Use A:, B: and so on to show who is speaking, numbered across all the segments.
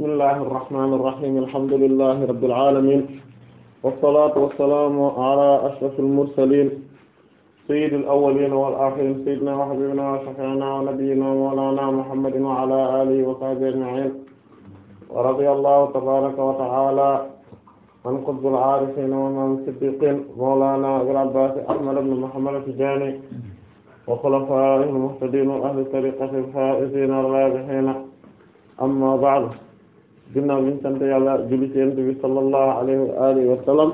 A: bismillahi irrahmani irrahim alhamdulillahi rabbil alamin wassalatu wassalamu ala ashrafil mursalin sayyidil awwalin wal akhirin sayyidina wa habibina wa shafi'ina wa nabiyyina wa mawlana muhammadin wa ala alihi wa sahbihi ajma'in wa radiyallahu tabaraka wa ta'ala an qutbil arifin wa imam siddiqin mawlana abil abbas ahmad ibn muhammad at-tijani wa khulafa'ihil muhtadin wa ahli tariqatihi al-faa'izin ar-raabihiin amma ba'du ginnaaw bi sant yàlla julli ci yonent bi sallallahu alayhi wa alihi wa sallam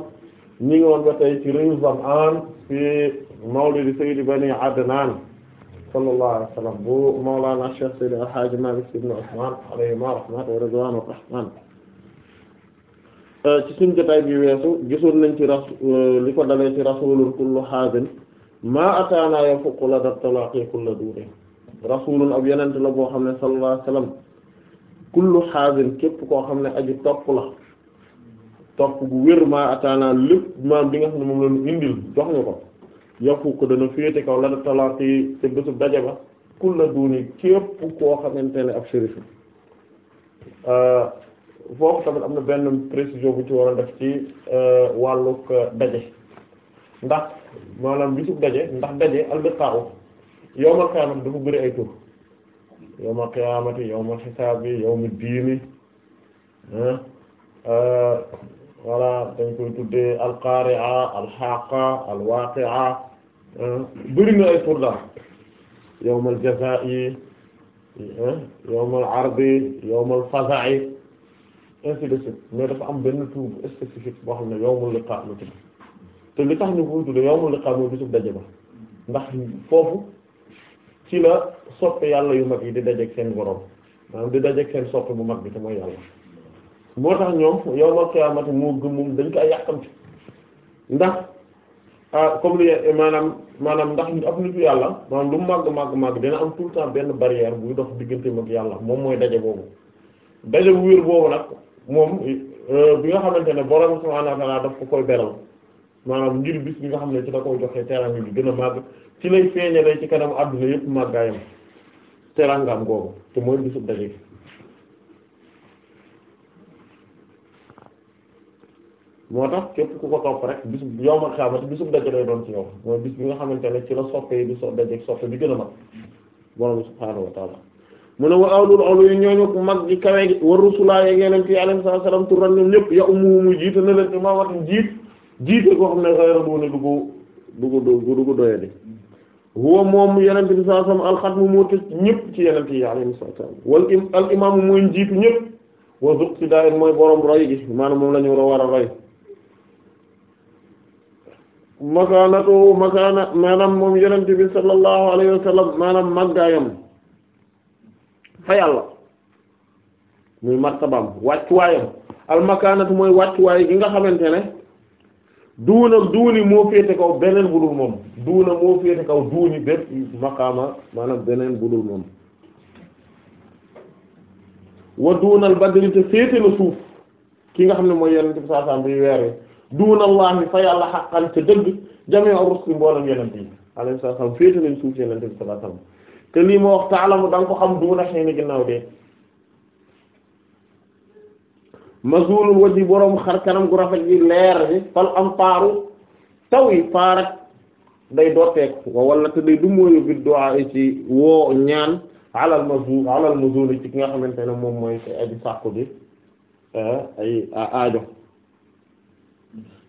A: ñu ngi ba tey ci riw Zam'an fi mawlidi sayyidi bani Adnan sallallahu alayhi wa sallam bu mawlana Cheikh Seydi El Hadji Malick ibn Usman alayhima rahmatu wa ridwanu rahman ci suñ bi weesu gisoon nañ ci ras li ko dalee ci rasulun kullu haadin maa ataanaa yafuqu la da talaqi kullu duuri rasulun ab yenente la boo xam ne sallallahu alayhi kullu xaasin képp koo xam ne aji topp la topp gu wér maa ataana lépp maam bi nga xam ne moom la ñu indil jox ñu ko yafu ko dana féete kaw la talaata yi te bésub daje ba kulla duuni képp koo xamante ne ab shérif euh, foofu tamit am na benn précision bu ci war def ci euh, wàllug daje ndax maanaam bisub daje ndax daje albiqaaw yowmal qiyaama dafa bëri ay tur yawmal qiyaamati yawmal hisaabi yawmid diini ah, voilà dañ koy tuddee alqari'a alhaqa alwaqi'a ah, bëri na ay tur daal yawmal jazaa'i ah, yawmal ardi yawmal faza'i ainsi de suite mais dafa am benn tur bu spécifique boo xam ne yawmul liqaa' la tudd te li tax ñu koy tuddee yawmul liqaa' mooy bisub daje ba ndax foofu. ci la soppe yàlla yu mag yi di dajeeg seen borom maanaam di dajeeg seen soppe bu mag bi te mooy yàlla moo tax ñoom yow ma xiyaamati moo gëm moom dañ ko yàqamti ndax ah, comme li maanaam maanaam ndax ab nitu yàlla maanaam lu màgg màgg màgg dina am tout temps benn barrière buy dox diggante mag yàlla moom mooy daje boobu daje bu wér boobu nag moom eh, bi nga xamante ne borom subhaanahu wa ta'aala daf ko koy beral maanaam ngir bis bi nga xam ne ci la koy joxee teraanga bi gën a màgg ci lay feeñalee ci kanam adduna yëpp màggaayam teraangaam googu te ku ko topp rek bis yow ma xaamati bisub doon ci yow mooy nga xamante ne ci la soppe yi di so daje soppe bi gën a mag borom mu ne wa awlul awlu yi mag gi kawe gi war rusulaa yeeg yeneen ci alayhi salaam turan ñoom ñëpp ya umumu jiite na leen ci ma watam jiit jiite koo xam ne xayra doone du ko du ko du doyadi huwa moom yenente bi sallallahu alayhi wasallam alxatmu moo tëj ñëpp ci yenente yi alayhi wasallam wal al imaamu mooy njiitu ñëpp wa zuq si daayir mooy borom roy gi maanaam moom lañu ñu war a roy makaanatu makaana maanaam moom yenente bi sallallahu alayhi wasallam maanaam màggaayam fa yàlla muy martabaam wàccuwaayam al makaanatu mooy wàccuwaay gi nga xamante ne duuna duuni moo féete kaw beneen budul moom duuna moo féete kaw duuni bépp maqaama maanaam beneen budul moom wa duunal badri te féete na suuf ki nga xam ne mooy yenente bi saa bi weer wi duunallaahi fa yàlla xaqan te dëgg jameew rusli mboolem yenente yi alayhi salaam féete nañ suuf yenente bi saa te lii ma wax taalamu da nga ko xam duuna xëy ginnaaw dee mazulul wajhi borom xar kanam gu rafet gi leer bi fal amtaaru taw yi faarak day dooteeku wala te day dumóoyu bi du'a ci woo ñaan alal mazul alal mazul ci ki nga xamante ne moom mooy te eh, ay aajo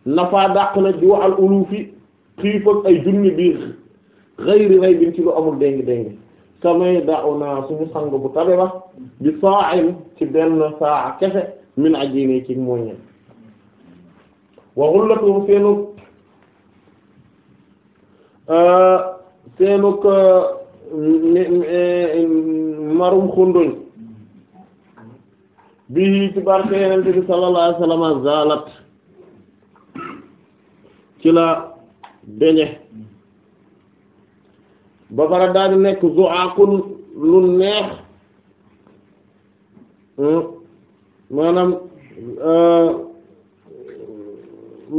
A: nafa dàq na di waxal ulufi xiif ak ay junni bi xëyri ray bin ci lu amul déng-déng samay da'una suñu sang bu tabe ba bi sa'in ci benn saa kese min ajine ci mooñe wa ghullatuhum seenug euh, seenug euh, marum xunduñ bi ci barke yenente bi sallallahu alayhi wasallam ci la deñe ba bara daal di nekk zu'aqun lu neex hmm? maanaam euh,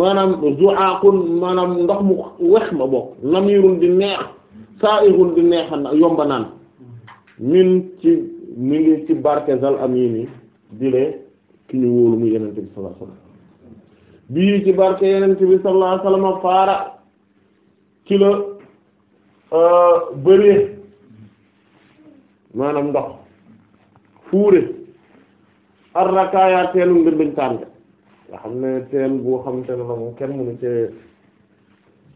A: maanaam zu'aqun maanaam ndox mu wex ma bokk namirun di neex sa'irun di neexa na yomba naan min ci mi ngi ci barkezal amini di lee ki ñu wóolu muy yenente bi sallallahu alayhi bii ci barke yenente bi sallallahu alayhi faara ci la euh, maanaam ndox fuure arrakaya teelu mbirbiñtaan ga nga xam ne teen boo xamante ne la moom kenn mënu ci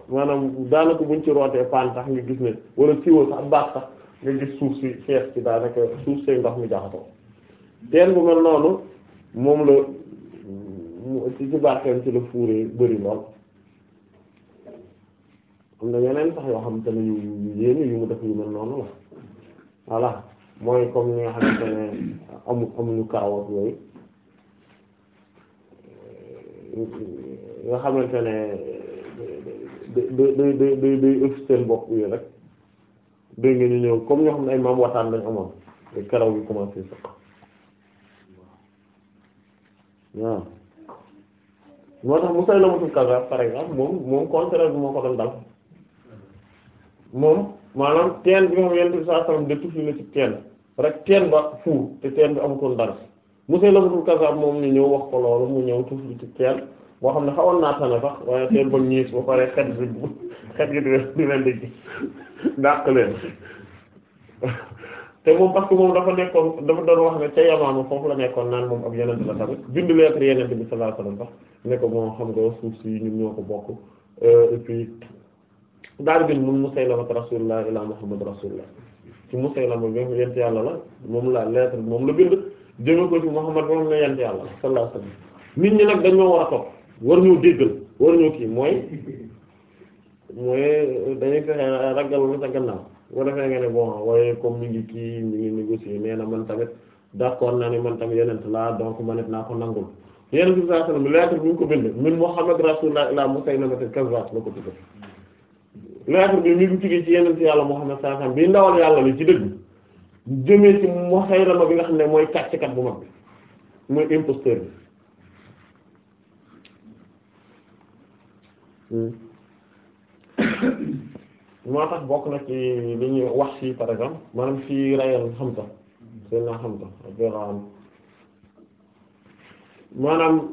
A: maanaam daanaka buñ ci rootee paan tax nga gis ne wala siwo sax baax sax nga gis suuf si fees ci daanaka suuf see ndox mi jaxatoo teen bu mel noonu moom la ci ci barkeem ci la fuuree bëri lool am na yeneen sax yoo xamante ne yu yéen yu mu def yu mel noonu la voilà mooy comme ni nga xamante ne amu amuñu kaawat yooyu nga xamante day day day day day ëff bopp yi rek dégg nga ñëw comme ñoo xam ne ay maam wataan lañ amoon karaw bi commencé sax waaw moo tax Musaylamatul Kazzaab par exemple moom moom contraire bi moo ko doon dal moom maanaam teen bi nga xam ne Yonent bi sallallahu dëkk fii la ci teen. rek teen ba fuur te teen bi amutoon dara Musaylamatul Kazzab moom ñu ñëw wax ko loolu mu ñëw tuuf ci teen boo xam ne xawoon naa tane sax waaye teen ba ñiis ba pare xet bi xet gi di leen di dàq leen te moom parce que moom dafa nekkoon dafa doon wax ne ca yamaama foofu la nekkoon naan moom ak yeneen la tamit bind lettre yeneen bi sallallahu alayhi wasallam sax ne moom xam nga suuf si ñu ñoo ko bokk euh, et puis daal bin mun Musaylamatu Rasulullah ila Muhammad Rasulullah ci Musaylama bi mu yent yàlla la moom la lettre moom la bind jëme ko ci Muhammad moom la yent yàlla sallallahu alayhi wasallam nit ñi nag dañoo war a topp war ñoo déggal war ñoo kii mooy mooy dañuy fexe ragal na sa gannaaw boo defee nga bon waaye comme mi ngi kii mi ngi négocier nee na man tamit d'accord naa ne man tamit yenent laa donc ma net naa ko nangul yenent bi sallallahu alayhi wasallam lettre bi ñu ko bind min Muhammad rasulullah ila Musaylama al-kazzab la ko tudde lettre bi mi ngi tukkee ci yeneen ci yàlla Muhammad sallallahu alayhi wasallam bi ndawal yàlla li ci dëgg jëmee ci musaylama bi nga xam ne mooy kàcckat bu mag bi mooy imposteur bi moo tax bokk na ci li ñuy wax fii par exemple maanaam fii rayal Hamza seen naa Hamza maanaam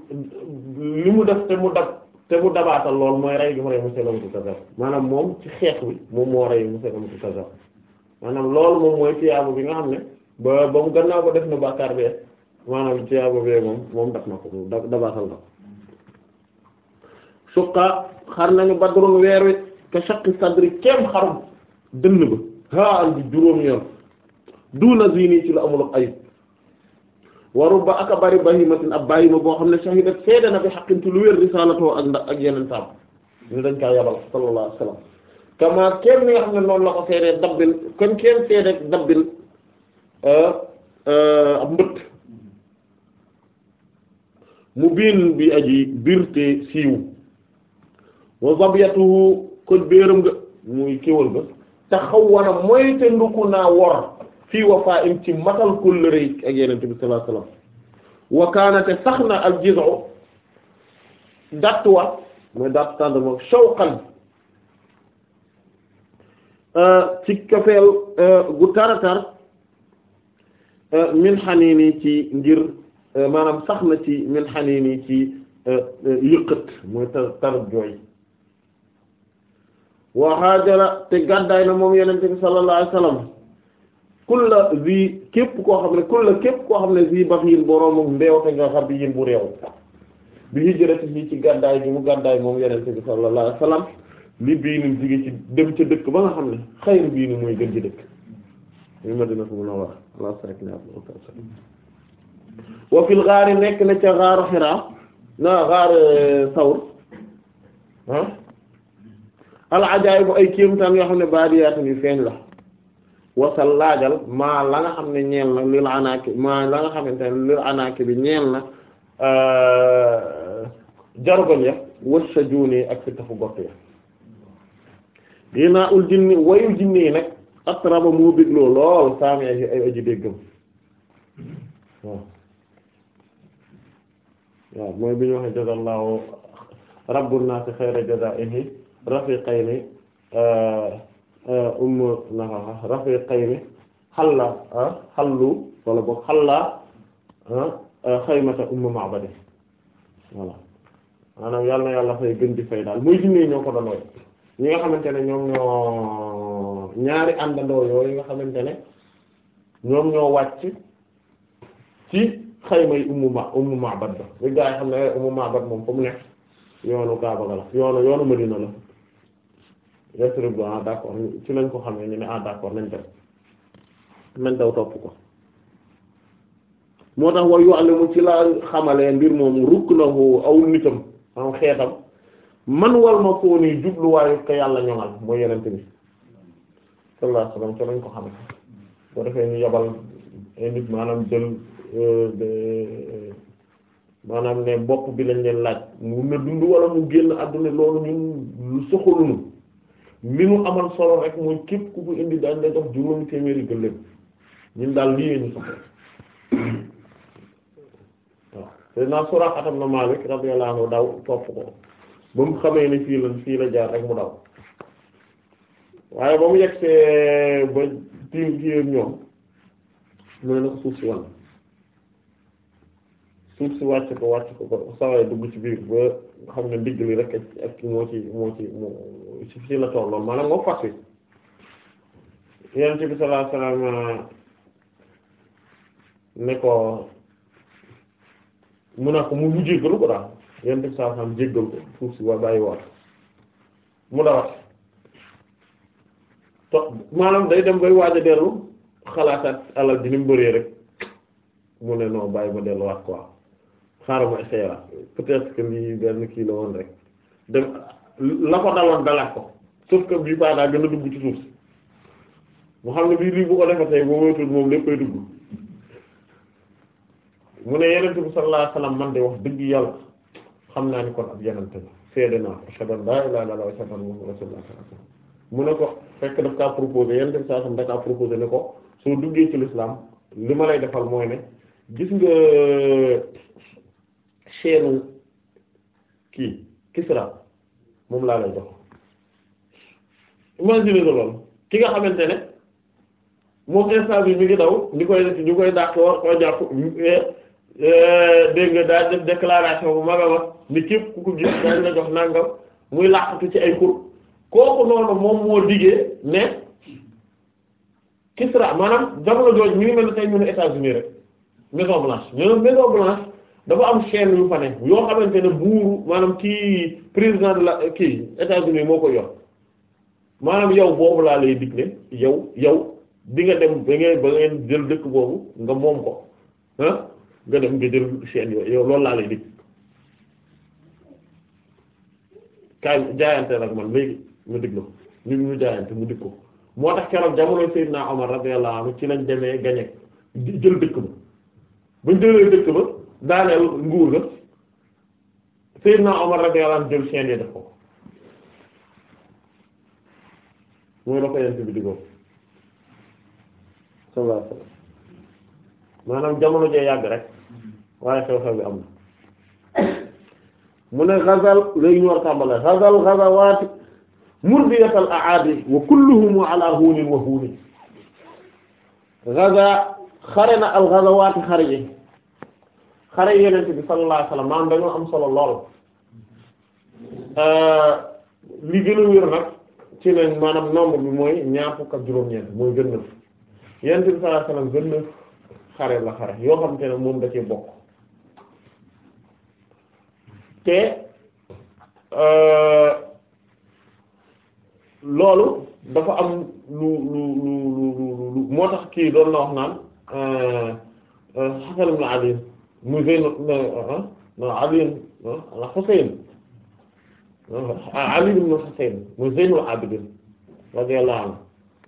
A: li mu def te mu dab te mu dabaatal lool mooy rey bi mu rey Musaylamatu Kazzab maanaam moom ci xeex bi moom moo rey Musaylamatu Kazzab maanaam loolu moom mooy tiyaaba bi nga xam ne ba ba mu gannaaw ba def na bàkkaar bee maanaam tiyaaba bee moom moom daf na ko dabaatal na ko suqa xar nañu badrun weer wi ka shaqi sadri kem xarum dënn ba haa al bi juróom yoon du na zini ci la amul ak ayib waru ba aka bari bahimatin ab bahima boo xam ne shahidat seede na bi haqqin lu wér risalatoo ak ndax ak yeneen saam ñu dañ kaa yabal sallallahu alayhi wasallam kenn ni xam ne noonu la ko seedee dabbin kon kenn seede dabbin euh, euh, ab mbëtt mu biin bi aji birte siiw wa zabiyatuhu kon béeram nga muy kéwal ga te xaw wana moyte naa wor fii wafaa im ci matal kóllëre yi ak yenente bi sallallahu alayhi wasallam wa kaana te sax na al jizo dattuwa mooy datt tàndma shawqan euh, ci kafeel euh, gu taratar euh, min xaniini ci ngir maanaam sax na ci min xaniini ci yëqët mooy tar tar jooy wa haajara te gàddaay na moom yenente bi sallallahu alayhi wasallam kulla zi képp koo xam ne kulla képp koo xam ne zi baxin boroomam mbeew te nga xam bi yén bu réew bi hijratihi ci gàddaay bi mu gàddaay moom yeneen bi sallallahu alayhi wasallam li bii ni jige ci dem ca dëkk ba nga xam ne xayru bii ni mooy gën ci dëkk ñu Madinatu Munawwara la sakna wa fil gaari nekk na ca gaaru Hiraa na gaar euh, Sawr ah al ajaayibu ay kéemtaan yoo xam ne baadiyaatun yu feeñ la wasal laajal maa la nga xam ne ñeel na lil anaaki maa la nga xamante ne lil anaaki bi ñeel na euh, jargoñ ya wëssa juunee ak fi tafu gott ya dinaa ul jinni wayu jinne yi nag atraba moo bégloo lool saami ay aji déggam waaw waaw mooy bi ñu waxe jazallahu rabbun naasi Euh, ummu rafiqayni xalla xallu ah, wala xal la ah, euh, xaymata ummu ma'badi voilà maanaam yàlla na yàlla fay gën di fay daal mooy jinne ñoo ko doon ñi nga xamante ne ñoom ñoo ñaari àndandoo yooyu nga xamante ne ñoom ñoo wàcc ci xayma yi ummu ma ummu ma'bad ba li gaa yi xam ne ummu ma'bad moom fa mu nekk yoonu Kaaba la yoonu yoonu Madina la yasrib bu ah d'accord ci lañ ko xamee ñu ne ah d'accord nañ def nañ daw topp ko moo tax wa yu'allimu ci laa xamalee mbir moomu ruknahu aw nitam am xeetam man wal ma koo nii jubluwaayu ko yàlla ñoŋal mooy yeneen bi sallallahu alayhi wasallam ci lañ ko xamee boo defee ñu yabal nit maanaam jël euh, maanaam ne bopp bi lañ leen laa mun na dund wala mu génn àdduna loolu ñun lu soxaluñu li mu amal solo rek mooy képp ku ko indi daañ la jox juróomi téeméeri gëléem ñun daal lii ñu soxla waaw te naa Suraaqa ibn Maalik radiyallahu anhu daw topp ko ba mu xamee ni fii la fii la jaar rek mu daw waaye ba mu yegsee ba tiim kii ñoom mooy nag suuf si wan suuf si wàcc ko wàcc ko ba saway dugg ci biir ba xam ne ndigg li rek ak moo ci moo ci moo ci la tolloon maanaam moom fas yi yonent bi sallallahu alayhi wasallam uh, ne ko mu ne ko mu jéggalu ko daal yonent bi sallallahu alayhi wasallam jéggal ko suuf si waa bàyyi waat mu dawat to maanaam day dem bay waaj a dellu xalaataat alal ji ni bëree rek mu ne non bàyyi ma delluwaat quoi xaaral ma essayé peut-être que benn kii la woon rek dem. la ko daloon dalaat ko sauf que bii baa daa gën a dugg ci suuf si mu xam ne bii lii bu ko defee tey boo moytuwul moom lépp koy mu ne yenent bi sallallahu alayhi wasallam man de wax dëgg yàlla xam naa ni kon ab yenent la seede naa ashhadu an laa ilaaha illallaah wa ashhadu anna mu ne ko fekk daf kaa proposé yenent bi sallallahu alayhi wasallam da kaa proposé ne ko soo duggee ci l'islam li ma lay defal mooy ne gis nga chaîne kii Kisra moom laa lay jox imagine nga loolu ki nga xamante ne moom instant bi mi ngi daw ñu koy ñu koy dàq war koo jàpp eh, eh, dégg nga daal def déclaration bu mag a mag ni képp ku ko gis dañ la jox nangam muy làqatu ci ay kur kooku noonu moom moo diggee ne Kisra maanaam jamono jooju mi ngi mel ne tey ñu ne états rek Maison Blanche ñu Blanche dafa am chaîne yu fa ne yoo xamante ne buuru maanaam kii président la kii États-Unis moo ko yor maanaam yow boobu laa lay digle yow yow di nga dem ba ngeen ba jël dëkk boobu nga moom ko ah nga dem nga jël chaîne yooyu yow loolu laa lay dig kaay jaayante nag man léegi ma dig la ko ñu ñu jaayante mu dig ko moo tax keroog jamono Seydina Omar radiyallahu anhu ci lañ demee gañe jël dëkk ba buñ jëlee dëkk ba daaneel nguur ga Seydina Omar radiyallahu anhu jël chaine yi def ko mooy la ko yent bi diggoon sallallahu alayhi wasallam maanaam jamono jee yàgg rek waaye xew-xew bi am na mu ne xazal léegi ñu war tàmbale xazal xazawaati murdiyatal aadi wa kulluhum ala huunin wa huunin xaza xare na al xazawaati xare yi xare yenente bi sallallahu alayhi wasallam maanaam dañoo am solo lool euh, li gën wér nag ci ne maanaam nombre bi mooy ñaar fukk ak juróom-ñeent mooy vingt-neuf yenente bi sallallahu alayhi wasallam vingt-neuf xare la xare yoo xam te moom da cee bokk te euh, loolu dafa am lu lu lu lu lu moo tax kii doon la wax naan xasanum euh, na alim mu Zayn uh-huh. Ali Husayn Ali ibn Husayn muy Zaynul Abidin radiyallahu anhu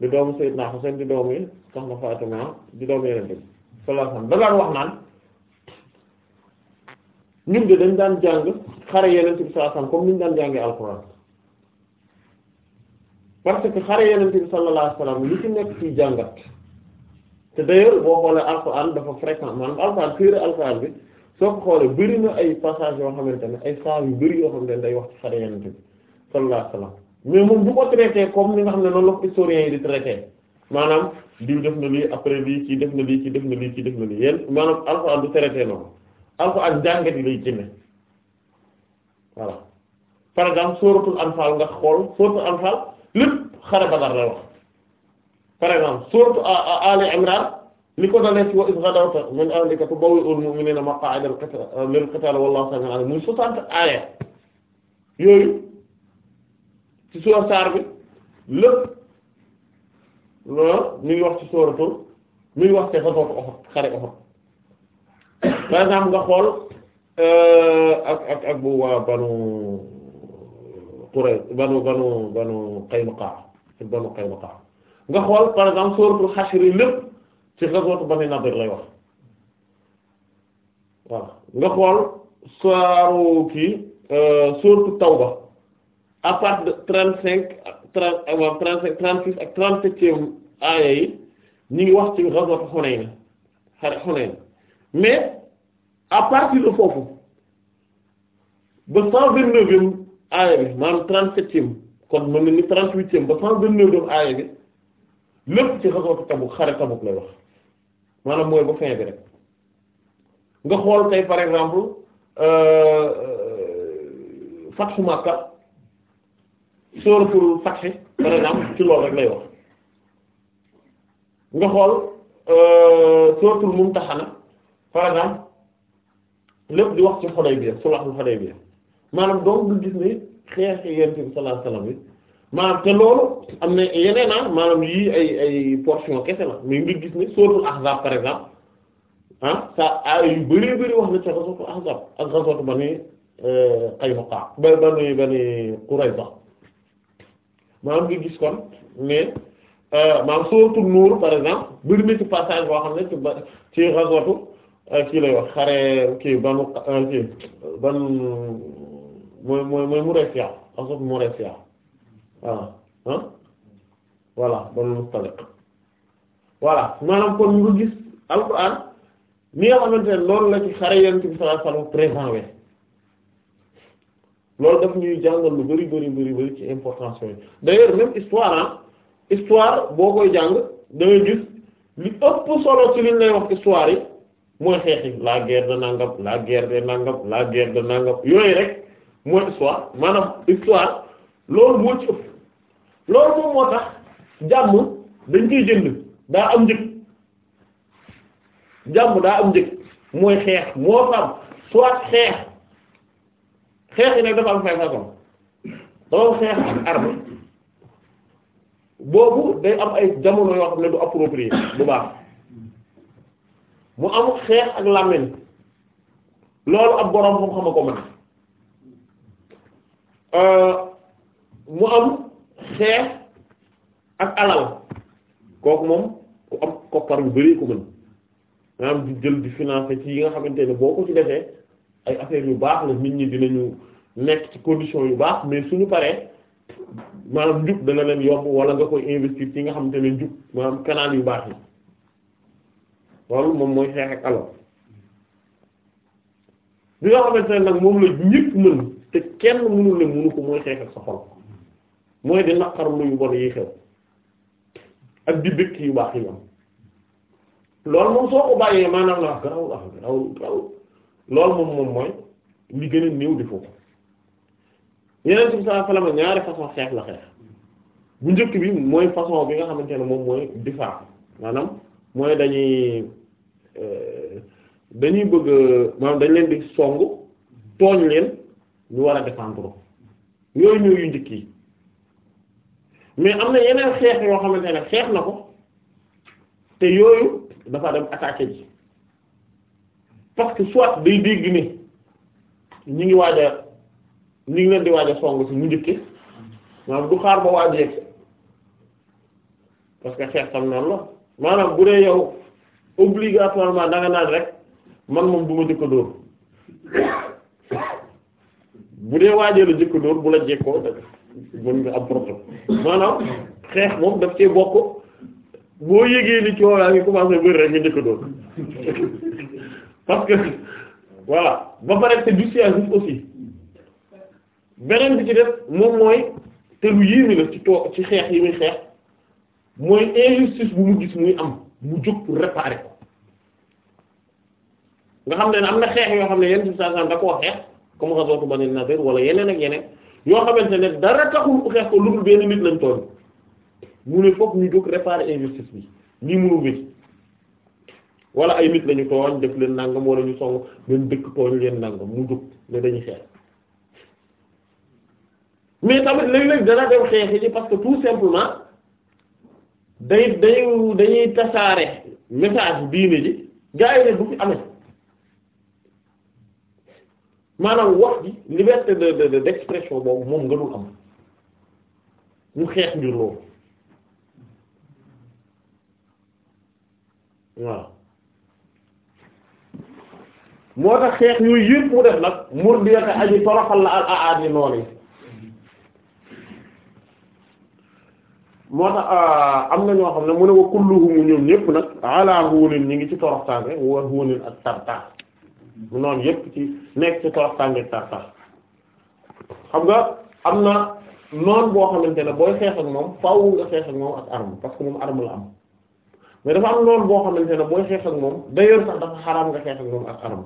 A: di doomu Sayyidina Husayn di doomu soxna Fatima di doomu Yonent bi sallallahu alayhi wax naan ñun de dañ daan jàng xare Yonent bi sallallahu alayhi wasallam daan jàngee alxuraan parce que xare Yonent bi sallallahu li ci nekk ci jàngat. te d'ailleurs boo xoolee alxuraan dafa fréquent maanaam alxuraan téere soo ko xoolee bëri na ay passage yoo xamante ne ay saar yu bëri yoo xamante ne day wax ci xare yenante bi ko traité comme li nga xam ne noonu la ko di traité maanaam diw def na lii après lii ci def na lii ci def na lii ci def na lii yéen maanaam alxuraan du traité noonu alxuraan jàngat yi lay génne voilà par exemple sóoratul anfaal nga xool sóoratul anfaal lépp xare Badar la wax par exemple sourate Ali Imran li ko dalee ci wa iz ghadawta min ahlika tubawwi'ul mu'minina maq'ada lil qital wallahu sami'un 'alim muy soixante aaya yooyu ci suura saar bi lépp loolu mi wax ci sooratu mi ngi wax te sa dootu oxot xare oxot par exemple nga xool euh, ak ak ak banu Quraysh banu banu banu Qaynuqa banu Qaynuqa nga xool par exemple sóoratul Hashr lépp ci ghazwat Bani Nadir lay wax waaw nga xool saaru kii euh, sóoratul Tawba à partir de trente-cinq trente euh, trente-cinq six ak trente-septième aaya yi ñu ngi wax ci ghazwat Hunayn xare Hunayn mais à partir foofu ba cent vingt-neuvième aaya bi maanaam trente-septième kon mën na ni trente-huitième ba cent vingt-neuvième aaya bi lépp ci xasootu Tabuk xare Tabuk lay wax maanaam mooy ba fin bi rek nga xool tey par exemple euh, euh, Fathu Makka sóoratul Fath par exemple ci loolu rek lay wax nga xool euh, sóoratul Mumtahana par exemple lépp di wax ci Hudaybiya sulhul Hudaybiya maanaam donc du gis ne xeexi Yonent bi sallallahu alayhi maanaam te loolu am na yeneen ah maanaam yii ay ay portion kese la mais nga gis ne sóoratul ahzab par exemple ah sa ay yu bëree bëri wax na ca rasotu ahzab ak rasotu ba ni euh, Qaynuqa ba ba ni ba ni Qurayza maanaam nga gis kon mais euh, maanaam sóoratul nuur par exemple bëri na passage boo xam ne ci ba ci rasotu euh, kii lay wax xare kii banu kii ban mooy mooy mooy Muraysiya rasotu Muraysiya voilà ah voilà banul mustaliq voilà maanaam kon nga gis alquran ni nga xamante ne loolu la ci xare yonent bi sallallahu alayhi wasallam présent we loolu daf ñuy jàngal lu bari bari bari bari ci importance yooyu d'ailleurs histoire ah histoire boo koy jàng da gis li ëpp solo ci liñ lay wax histoire yi mooy xeex la guerre de nangam la guerre de nangam la guerre de nangam yooyu rek mooy histoire maanaam histoire loolu moo ci loolu moom moo tax jàmm dañ koy jënd daa am njëg jàmm daa am njëg mooy xeex moo fam soit xeex xeex yi nag dafa am fay façon dafa xeex ak arme boobu day am ay jamono yoo xam ne du approprié bu baax mu am xeex ak làmmiñ loolu ab boroom xam-xam a ko euh, mu am xeex ak alal kooku moom ku am koppar yu bari ko mën maanaam di jël di financer ci yi nga xamante ne boo ko ci defee ay affaires yu baax la nit ñi dinañu nekk ci condition yu baax mais suñu paree maanaam njub dana leen yomb wala nga koy investir ci nga xamante ne njub maanaam canal yu baax yi loolu moom mooy xeex ak alal bi nga xamante nag moom la ñépp mën te kenn mënul ne mënu ko mooy xeex ak sa mooy di naqarlu yu bon yi xew ak di bëgg yu baax yi am loolu moom soo ko bàyyee maanaam la garaawul ah garaawul garaawul loolu moom moom mooy li gën a néew di foofu yeneen bi saa ñaari façon xeex la xeex bu njëkk bi mooy façon bi nga xamante ne moom mooy difaa maanaam mooy dañuy euh, dañuy bëgg maanaam dañ leen di song tooñ leen ñu war a défendre yooyu ñëw yu njëkk yi mais am na yeneen xeex yoo xamante ne xeex na ko te yooyu dafa dem attaqué bi parce que soit day dégg ni ñi ngi waaj a ngi leen di waaj a song si mu njëkke maanaam du xaar ba waaj yegg parce que xeex tam noonu la maanaam bu dee yow obligatoirement da nga naan rek man moom du jëkka dóor bu dee waajee la jëkk bu la jekkoo da mën nga am problème maanaam xeex moom daf cee bokk boo yégee ni coow yaa ngi commencé bëri rek nga jëkk dóor parce bi ci def moom mooy ci xeex yi muy xeex mooy mu gis muy am mu jóg pour nga xam ne am na xeex yoo xam ne yenn situation da koo xeex comme ghazwatu Bani Nadir wala yeneen ak yeneen yoo xamante ne dara taxul xeex ko lu dul benn nit lañ tooñ mu ne fokk ñu jóg réparer injustice bi nii munu wéy wala ay nit lañu tooñ def leen nangam wala ñu song leen dëkk tooñ leen nangam mu jóg ne dañuy xeex mais tamit léeg-léeg dana dem xeex yi parce que tout simplement day day dañuy tasaare message diine ji gaa yi ne du fi amee maanaam wax ji liberté de de d'expression boobu moom nga dul am ñu xeex ngir loolu waaw moo tax xeex yooyu yëpp mu def nag mur di yaka aji toroxal la al aad ni noonu yi moo tax ah, am na ñoo xam ne mu ne wa kulluhum ñoom ñëpp nag ala hunin ñi ngi ci toroxtaange wa hunin ak tartar noonu yépp ci nekk ci toroxtaange tartar xam nga am na noon boo xamante ne booy xeex ak moom faaw nga xeex ak moom ak arme parce que moom arme la mais dafa am boo xamante ne booy xeex ak moom d'ailleurs sax dafa xaraam nga xeex ak moom ak arme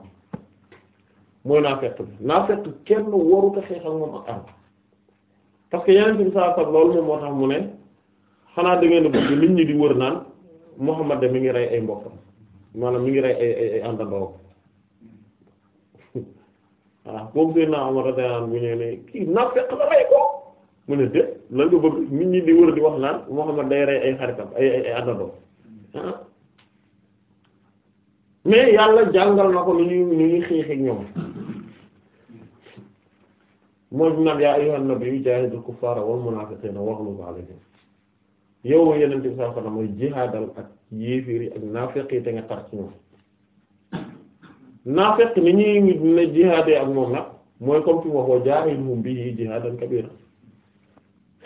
A: mooy naafeq kenn warut xeex ak moom ak arme parce que yeneen bi saa sab loolu moom moo tax mu ne xanaa da ngeen bëgg nit ñi di wër naan Muhammad de mi ngi rey ay mbokkam maanaam mu ngi rey ay ay ay àndandoo waaw moom Seydina Omar radiyallahu anhu bu ñëwee ne kii naafeq la rey ko mu ne déet lan nga bëgg nit ñi di wër di wax naan Muhammad day rey ay xaritam ay ay ay àndandoo ah. mais yàlla jàngal na ko nu ñuy nu ñuy xeex ak ñoom mooy bi naan yaa ayyuhan nabiyyu jaahidil kuffaara wal munaafiqiina waghluz alayhim yow yeneen bi sallallahu alayhi mooy jihaadal ak yéeféer ak naafeq yi te nga tar ci ñoom naa fekk ni ñuy ne jihaadee ak moom nag mooy comme fi mu waxoo jaahiluhum bihi jihaadan kabira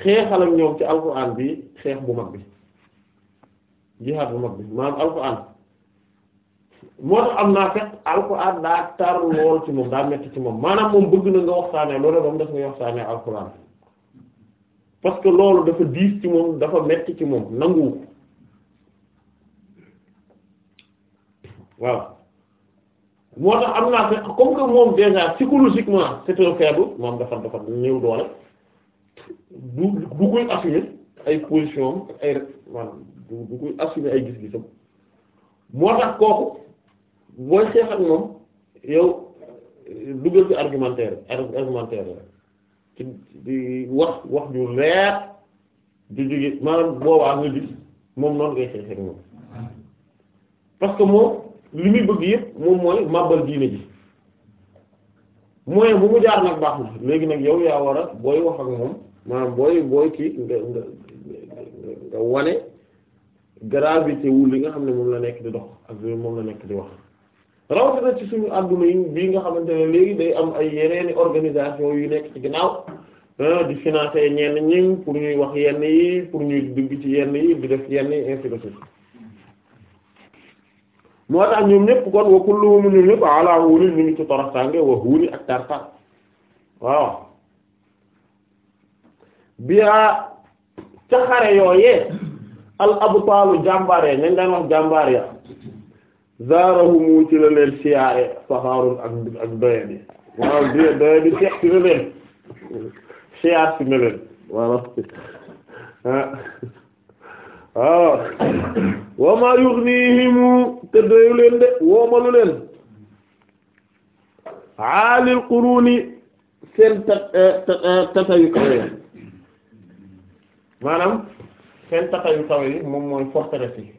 A: xeexal ak ñoom ci alxuraan bi xeex bu mag bi jihaad bu mag bi maanaam alxuraan moo tax am naa fekk alxuraan daa tar lool ci moom daa metti ci moom maanaam moom bëgg na nga waxtaanee loolu ba mu def nga waxtaanee alxuraan parce que loolu dafa diis ci moom dafa metti ci moom nanguwu waaw. moo tax am naa fekk comme que moom déjà psychologiquement c'est un faible moom dafa dafa néew doole du du koy assumer ay position ak ay maanaam du du koy assumer ay gis-gisam moo tax kooku booy xeex ak moom yow dugal ci argumentaire argumentaire la ci di wax wax ju leer di jóge maanaam boobaa nga gis moom noonu ngay xeex ak moom parce moom. li muy bëgg yëpp moom mooy màbbal diine ji moyen bu mu jaar nag baax na léegi nag yow yaa war a booy wax ak moom maanaam booy booy kii nga nga nga wane gravité li nga xam ne moom la nekk di dox ak moom la nekk di wax na ci suñu àdduna yi bii nga xamante ne léegi day am ay yeneeni organisation yu nekk ci ginnaaw ah, di financer ñenn ñi pour ñuy wax yenn yi pour ñuy dugg ci yenn yi di def yenn yi moo tax ñoom ñëpp kon wa kulluhum ñoom ñëpp ala hurin ñu ngi ci toroxtaange wa huri ak tartar waaw biyaa ca xare yooyee al abtaalu jàmbaare ñañ daan wax jàmbaar ya zaarahumu ci la leen siyaare saxaarun ak ak doye bi maanaam doye doye bi si na leen siyaar si waaw ah. wa ma yughnihim te doyu leen de woomalu leen aalil quruni seen tat eh, eh, tatayu kawe yi maanaam seen tatayu kawe yi moom mooy forteresse yi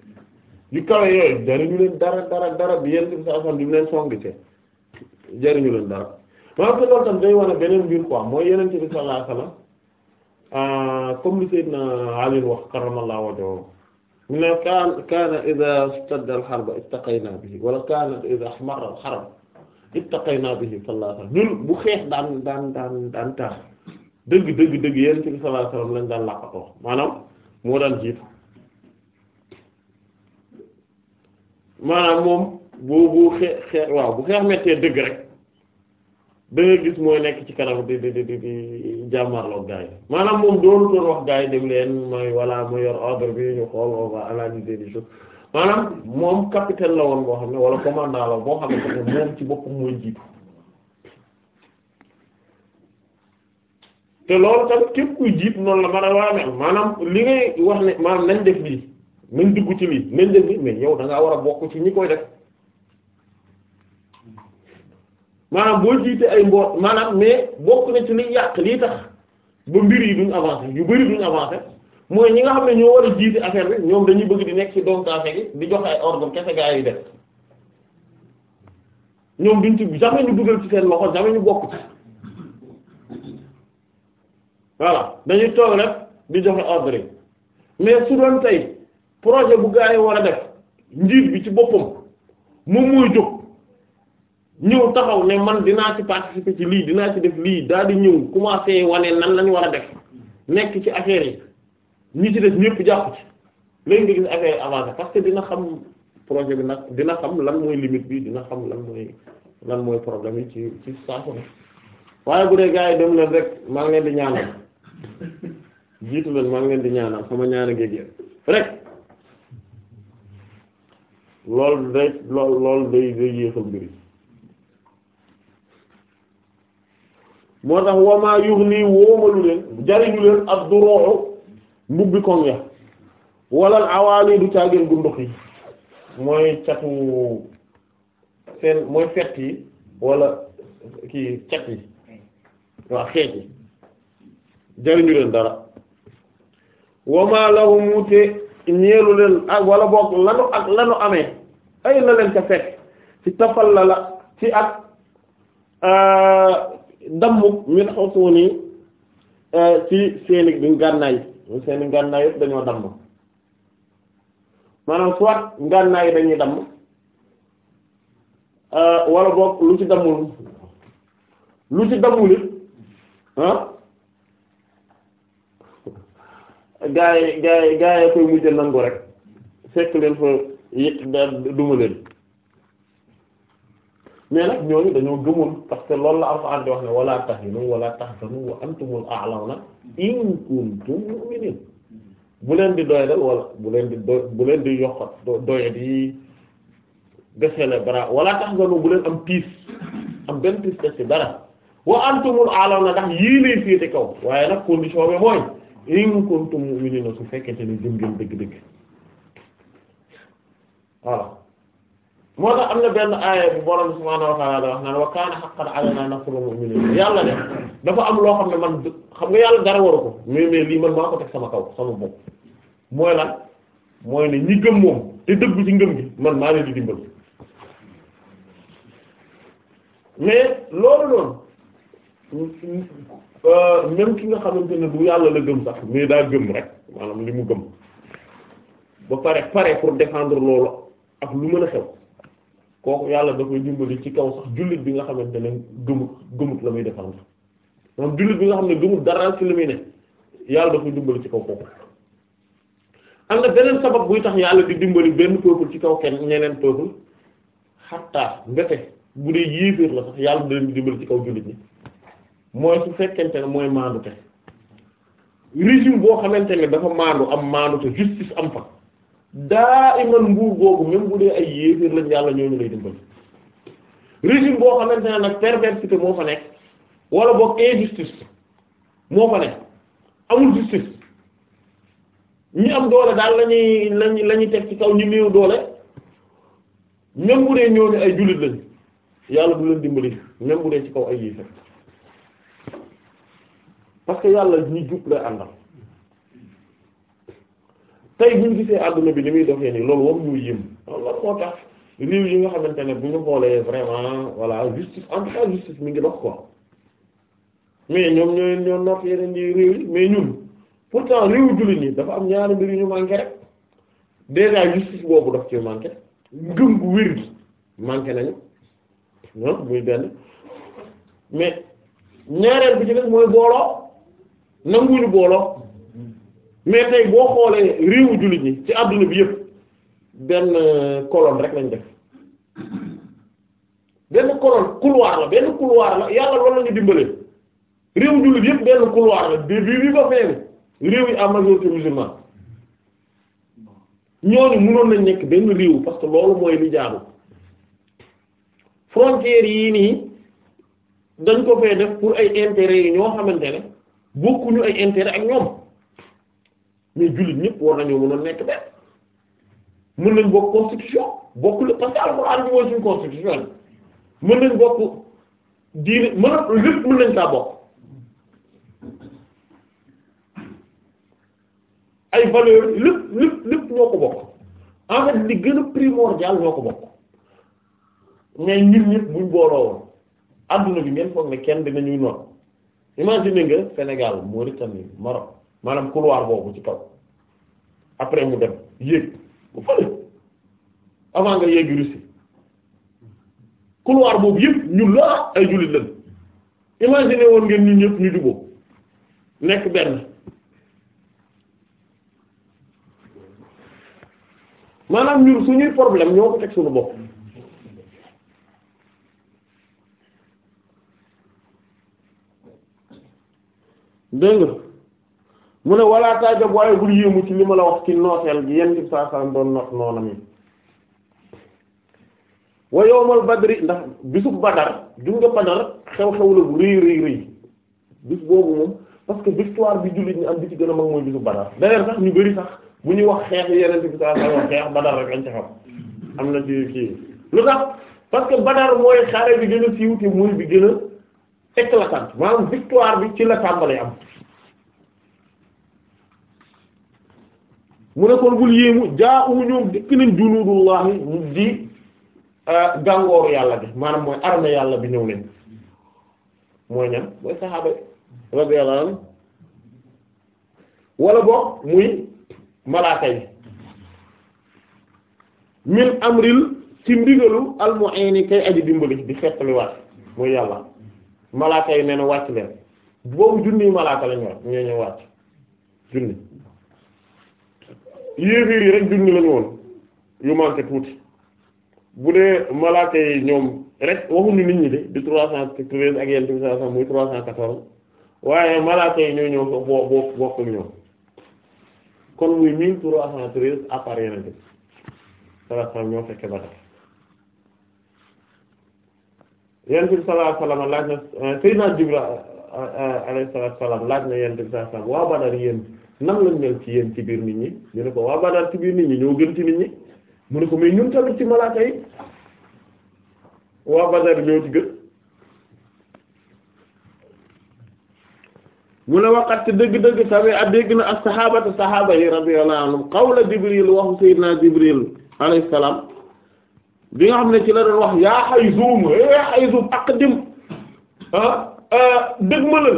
A: yu kawe yooyu jariñu dara dara dara bi yenn bi sa san bi mu leen song ci jariñu leen dara maanaam te loolu day wane beneen mbir quoi mooy yeneen bi sallallahu alayhi Euh, comme li Seydina Ali wax karramallahu wajhahu ne kaan kaana idha istadda al-harba istaqayna bihi wala kaana idha ihmarra al-harb istaqayna bihi sallallahu alayhi wa sallam ñun bu xeex daan daan daan daan tax dëgg dëgg dëgg yéen ci sallallahu alayhi wa sallam lañ daan làqatoo maanaam moo daan jiitu maanaam moom bu bu xeex xeex waaw bu xeex mettee dëgg rek. da ngay gis mooy nekk ci kanam di di di di di jàmmarloog gars yi maanaam moom doolu doon wax gars yi dem leen mooy voilà mu yor ordre bi ñu xool on va analyser les choses maanaam moom capital la woon boo xam ne wala commandant la boo xam ne moom ci boppam mooy jiitu te loolu tamit képp kuy jiit noonu la mën a war a maanaam li ngay wax ne maanaam nañ def lii nañ dugg ci lii nañ def lii mais yow da ngaa war a bokk ci ñi koy def maanaam boo jiite ay mboot maanaam mais bokk na ci liy yàq lii tax ba mbir yi duñ avancé yu bari duñ avancé mooy ñi nga xam ne ñoo war a jiite affaire bi ñoom dañuy bëgg di nekk ci donkaase gi di jox ay ordre kese yi def ñoom duñ ci jamais ñu dugal ci seen loxo jamais ñu bokk dañuy toog rek di joxe ordre yi mais su doon tey projet bu gaa yi war a def njiit bi ci boppam moom mooy jóg ñëw taxaw ne man dinaa ci participer ci lii dinaa ci def lii daal di ñëw commencé wane nan lañ war a def nekk ci affaire yi ñi ci def ñëpp jàpp ci léegi nga gis affaire yi avancé parce que dina xam projet bi nag dina xam lan mooy limite bi dina xam lan mooy lan mooy problème yi ci ci saako ne waaye bu dee gars yi dem leen rek maa ngi leen di ñaanal jiitu leen maa ngi leen di ñaanal sama ñaana géegéen rek loolu day loolu day day yéexal mbir yi moo tax wamaa yuux nii wóomalu leen jariñu leen ak du rooxu mbubbi koŋ ya walal awaali du caageen gu ndox mooy catu seen mooy fett yi wala kii cat yi waa xeet yi jariñu leen dara wamaa lahum wute ñeelu leen ak wala boog lanu ak lanu amee ay la leen ca fekk ci tafal la la ci ak euh, dammuk min xusuni ci seeni ngànnaay seeni ngànnaay yëpp dañoo damm maanaam soit ngànnaay yi dañuy damm euh, wala boog lu ci dammul lu ci dammul it ah gaa yi gaa yi gaa yi koy mujj nangu rek fekk leen fa duma leen mais nag ñooñu dañoo gëmoon parce que loolu la Alxuraan di wax ne wala tahinu wala tahzanu wa antumul a'lawna in kuntum mu'minin bu leen di doy dal wala bu leen di doy bu leen di yokkat doy di gasele bara wala tahzanu bu leen am tiis am benn tiis te ci dara wa antumul a'lawna ndax yii lay féete kaw waaye nag condition bi mooy in kuntum mu'minin su fekkente ne jëm ngeen dëgg-dëgg moo tax am na benn aaya bu borom subhaanahu wa ta'aala wax naan wa kaana haqqan 'alaynaa nasrul mu'miniin yàlla de dafa am loo xam ne man xam nga yàlla dara waru ko mais mais lii man sama kaw sama bopp mooy lan mooy ne loolu noonu euh, même ki nga xamante ne bu yàlla la gëm sax mais daa gëm rek maanaam li mu gëm ba pare pare pour défendre loolu ak lu mën a xew kooku yàlla da koy dimbali ci kaw sax jullit bi nga xamante ne gëmut gëmut la muy defal nga moom jullit bi nga xam ne gëmut dara ci lu muy ne yàlla da koy dimbali ci kaw kooku am na beneen sabab buy tax yàlla di dimbali benn peuple ci kaw kenn ñeneen peuple xattaa mbete bu dee yéeféer la sax yàlla di dimbali ci kaw jullit ñi mooy su fekkente ne mooy maandu te boo xamante ne dafa maandu am maandu te justice am fa daa iman nguur googu même bu dee ay yéeféer lañ yàlla ñooñu lay dimbal régime boo xamante ne nag perversité moo fa nekk wala boog injustice moo fa nekk amul justice ñi am doole daal lañuy lañuy lañuy teg ci kaw ñi néew doole même bu dee ñooñu ay jullit lañ yàlla du leen dimbali même bu dee ci kaw ay yéeféer parce que yàlla ñi jub la àndal tey bu ñu gisee àdduna bi ni muy doxee nii loolu war ñu yëm loolu moo tax réew yi nga xamante ne bu ñu xoolee vraiment voilà justice en tout justice mi ngi dox quoi mais ñoom ñoo ñoo noot yeneen yi réew yi mais ñun pourtant réew dafa am ñaari mbir ñu manqué rek déjà justice boobu daf ci manqué ngëm gu wér gi muy benn mais ñaareel bi ci des mooy booloo nanguwuñu booloo. mais tey boo xoolee réewu jullit ñi ci àdduna bi yëpp benn euh, colonne rek lañ def benn colonne couloir la benn couloir la yàlla loolu la ñu dimbalee réewu jullit yëpp benn couloir la début bi ba fin bi réew yi à majorité musulmane ñooñu mënoon nañ nekk benn réew parce que loolu mooy li jaadu frontières yii nii dañ ko fay def pour ay intérêts yi ñoo xamante ne bokkuñu ay intérêts ak ñoom. mais jullit ñëpp war nañoo mën a nekk benn mën nañ bokk constitution bokkul parce que alxuraan bi mooy suñu constitution mën nañ bokk diine mën nañ saa bokk ay valeur lépp lépp lépp ñoo ko bokk en fait li gën a primordial ñoo ko bokk mais ñun ñëpp buñ booloo woon adduna bi ngeen foog ne kenn dinañuy noon imagine nga Sénégal Mauritanie Maroc maanaam couloir boobu ci kaw après mu dem yéeg bu fële avant nga yéegi Russie couloir boobu yëpp ñun la ay jullit lañ imaginer woon ngeen ñun ñëpp ñu juboo nekk benn maanaam ñun suñuy problème ñoo ko teg suñu bopp dégg nga mu ne wala taajab waaye bul yéemu ci li ma la wax ci nooteel gi yenn ci saa saa doon noot noonam yi wa yawmal badri ndax bisu badar ju nga badar xew-xew la bu rëy rëy bis boobu moom parce que victoire bi jullit ñi am bi ci gën a mag mooy bisu badar d'ailleurs sax ñu bari sax bu ñuy wax xeex yeneen bi saa saa wax xeex badar rek am na ci kii lu tax parce que badar mooy xare bi gën a siiw te mooy bi gën a éclatante maanaam victoire bi ci la tàmbalee am mu ne kon bul yéemu jaa u ñoom dikk nañ junuudullahi di euh, gàngooru yàlla bi maanaam mooy armée yàlla bi ñëw nañ mooy ñan mooy saxaaba radiyallahu anhu wala boog muy malaaka yi min amril ci ndigalu almu'ini kay aji dimbali di fettali waat mooy yàlla malaaka yi nee na wàcc leen boobu junniy malaaka lañu wax ñoo ñëw wàcc junni yéeféer yi rek junni lañu woon yu manqué tuuti bu dee malaaka ñoom rek waxuñu nit ñi de di trois cent treize ak yenn trois cent muy trois cent quatorze waaye malaaka yi ñoo ñëw ko boo boo bokk ñoom kon muy mille trois cent treize à part yeneen bi sallallahu ñoo fekke Badar yonent bi sallallahu alayhi laaj na Seydina Jibril salaam waa Badar yéen nan lañ mel ci yéen ci biir nit ñi ñu ne ñoo gën ci nit ñi mu ne ko mais ñun tamit ci malaaka yi waa Badar ñoo ci gën mu ne waxat dëgg-dëgg sami ak dégg na ak sahabata sahaba yi radiyallahu anhum qawla Jibril waxu sayyidina Jibril alayhi salaam bi nga xam ne ci la doon wax yaa Hayzum yaa Hayzum aqdim ah, ah dëgg ma la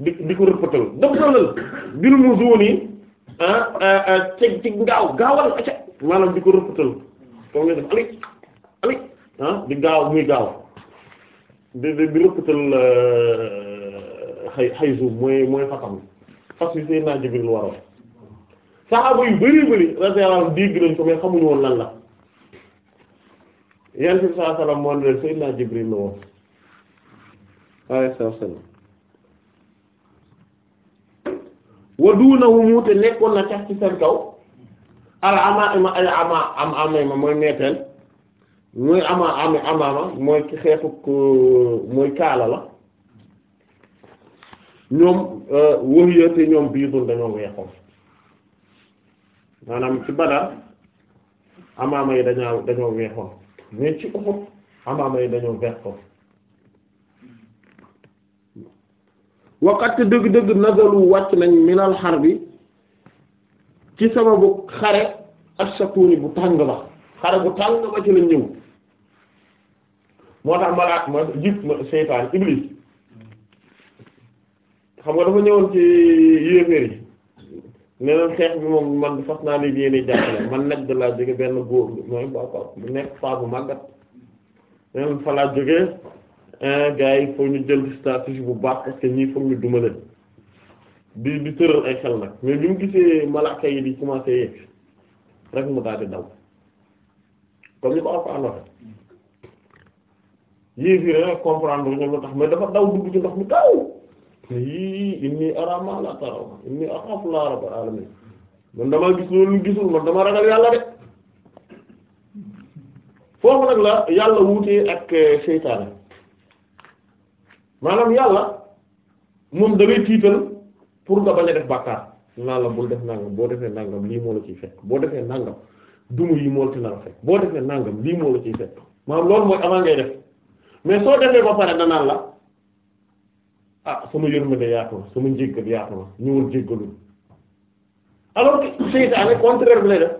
A: di di ko rëppatal dëppatal bil mu zoni ah, ah, ah ci ci gaaw gaawal acca maanaam di ko rëppatal comme ni def ali ali ah di gaaw muy gaaw di di rëppatal xay eh, xay zoom mooy mooy fasam fas yi seen naa Jibril waral saxaaba yu bari bari radiyallahu dégg nañ ko mais xamuñu woon lan la yonent bi sallallahu alayhi wasallam moo ne Seydina Jibril la woon alayhi salaam wa duunahum wuute nekkoon na tax ci seen kaw al amaama ay ama am amama mooy meeteel mooy ama am amaama mooy ci xeetu mooy kaala la ñoom euh, waxiya te ñoom biidun dañoo weexoon maanaam ci Badar amaama yi dañoo dañoo weexoon mais ci Uhud amaama yi dañoo weexoon waqat te dëgg-dëgg nazalu wàcc nañ minal xar bi ci sababu xare ak sakuni bu tàng ba xare bu tàng ba ci lañ ñëw moo tax malaat ma jib ma seytaan iblis xam nga dafa ñëwoon ci yéeféer yi ne xeex bi moom man fas naa leen yéene jàppale man nag da laa jóge benn góor mooy ba nekk paa bu màggat ne fa laa jógee Ah, gaa yi foo ñu jël stratégie bu baax parce que ñii foog ñu duma leen di di tëral ay xel nag mais bi mu gisee malaaka yi di commencé yegg rek mu daal di daw comme ni ko Alxuraan waxe yéefir rek comprendre dafa daw dugg mi daw yii inni araa laa tarawna inni axaafu Allaaha rabbal aalamiin damaa gis loolu ñu gisul man dama ragal yàlla de foofu nag la yàlla wutee ak eh, seytaane maanaam yàlla moom da lay tiital pour nga bañ a def bàkkaar naa la bul def nangam boo defee nangam lii moo la ciy fekk boo defee nangam dumu yi moo la ci nar a boo defee nangam lii moo la ciy fekk maanaam loolu mooy avant ngay def mais soo defee ba pare danaan la ah sama yërmande yaatu na sama njéggal yaatu na ñëwal jéggalu alors que seytaane contraire bi lay def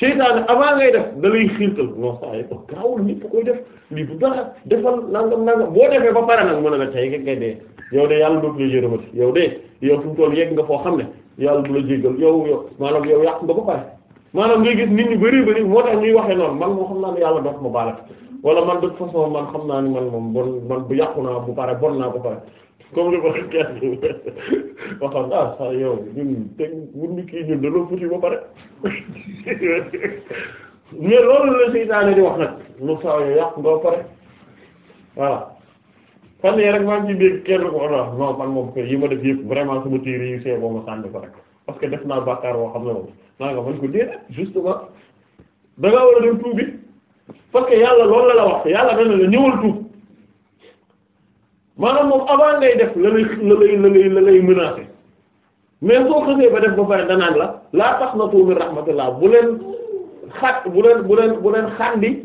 A: seytaane avant ngay def da lay xiirtal non saa yi ko gaawul ñëpp koy def lii bu dara defal nangam nangam boo defee ba pare nag mën a la tey nga ngay dee yow de yàlla dootu la jërëmati yow de yow fu mu toll yegg nga foo xam ne yàlla du la jéggal yow yow yo yow yàq nga ba pare maanaam ngay gis nit ñu bëri bëri moo tax ñuy waxee noonu man moo xam naa ma baale wala man de man xam naa ne man moom bon man bu yàqu naa bu pare bon naa ko pare comme li ma kenn waxoon ah sa yow ñun te mun ñu kii pare mais loolu la seytaane di wax nag lu saa yoo yàqu nga pare voilà fan yii rek maa kenn ko wax non man moom yi ma def yëpp vraiment sama tiir yi see sànni ko rek parce que def naa bàkkaar boo xam ne moom maa nga mën ko déedéet justement da war a dem tuubi parce que yàlla loolu la la wax yàlla dana la ñëwal tuub maanaam moom avant ngay def la lay la lay la lay la lay menacer mais soo xasee ba def ba pare danaan la laa taqnatu min rahmatillah bu leen xat bu leen bu leen bu leen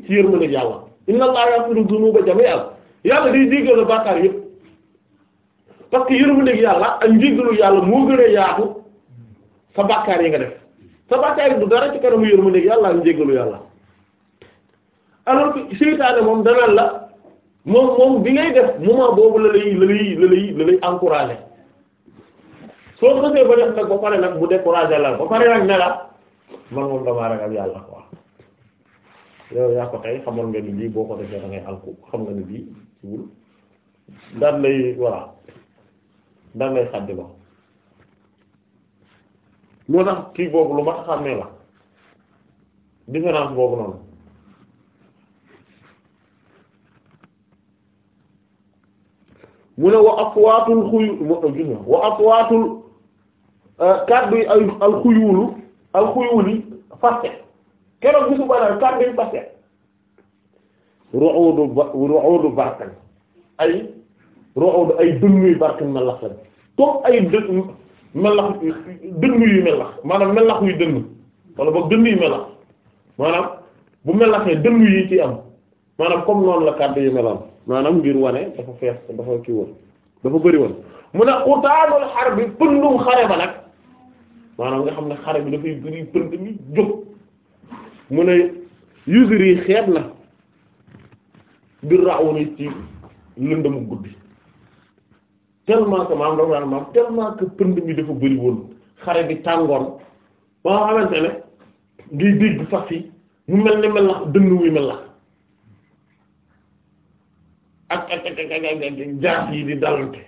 A: ci yërmande yàlla inna allaha yaghfiru dhunuba jami'an yàlla day jéggal bàkkaar yépp parce que yërmande yàlla ak njéggalu yàlla moo gën a yaatu sa bàkkaar yi nga def sa bàkkaar du dara ci kanamu yërmande yàlla ak njéggalu yàlla alors moom moom bi ngay def moment boobu la lay la lay la lay la lay soo xasee ba def nag ba pare nag bu décourager la ba pare nag ne man moom damaa ragal yàlla quoi yow yaa ko tey xamoon nga ni lii boo ko defee da ngay alku xam nga ni lii daan lay voilà daan lay xàddiloo moo tax kii boobu lu ma a xàmmee la différence boobu noonu mu ne wa aswaatul xuyu gis wa aswaatul euh, kàddu yi ay alxuyulu alxuyuli faste keroog gisu banaan kàddu yi faste ru'udu ru'udu ay ru'udu ay dënnuy barkan na lax lañ comme ay dë melax dënn yu melax maanaam melax yu dënn wala boog dënn yu melax maanaam bu melaxee dënn yi ci am maanaam comme noonu la kàddu yu melal maanaam ngir wane dafa fees dafa ci woon dafa bëri woon mu ne utaanul xar bi pëndum xare ba nag maanaam nga xam ne xare bi dafay bëri pënd mi jóg mu ne usures xeet na bir raw ni ci lëndëmu guddi tellement que maam rawatina maam tellement que pënd mi dafa bëri woon xare bi tàngoon ba nga xamante ne ngay dégg fas yi mu mel ne melax dënn wuy melax ak ak ak ak ak jaas yi di dalante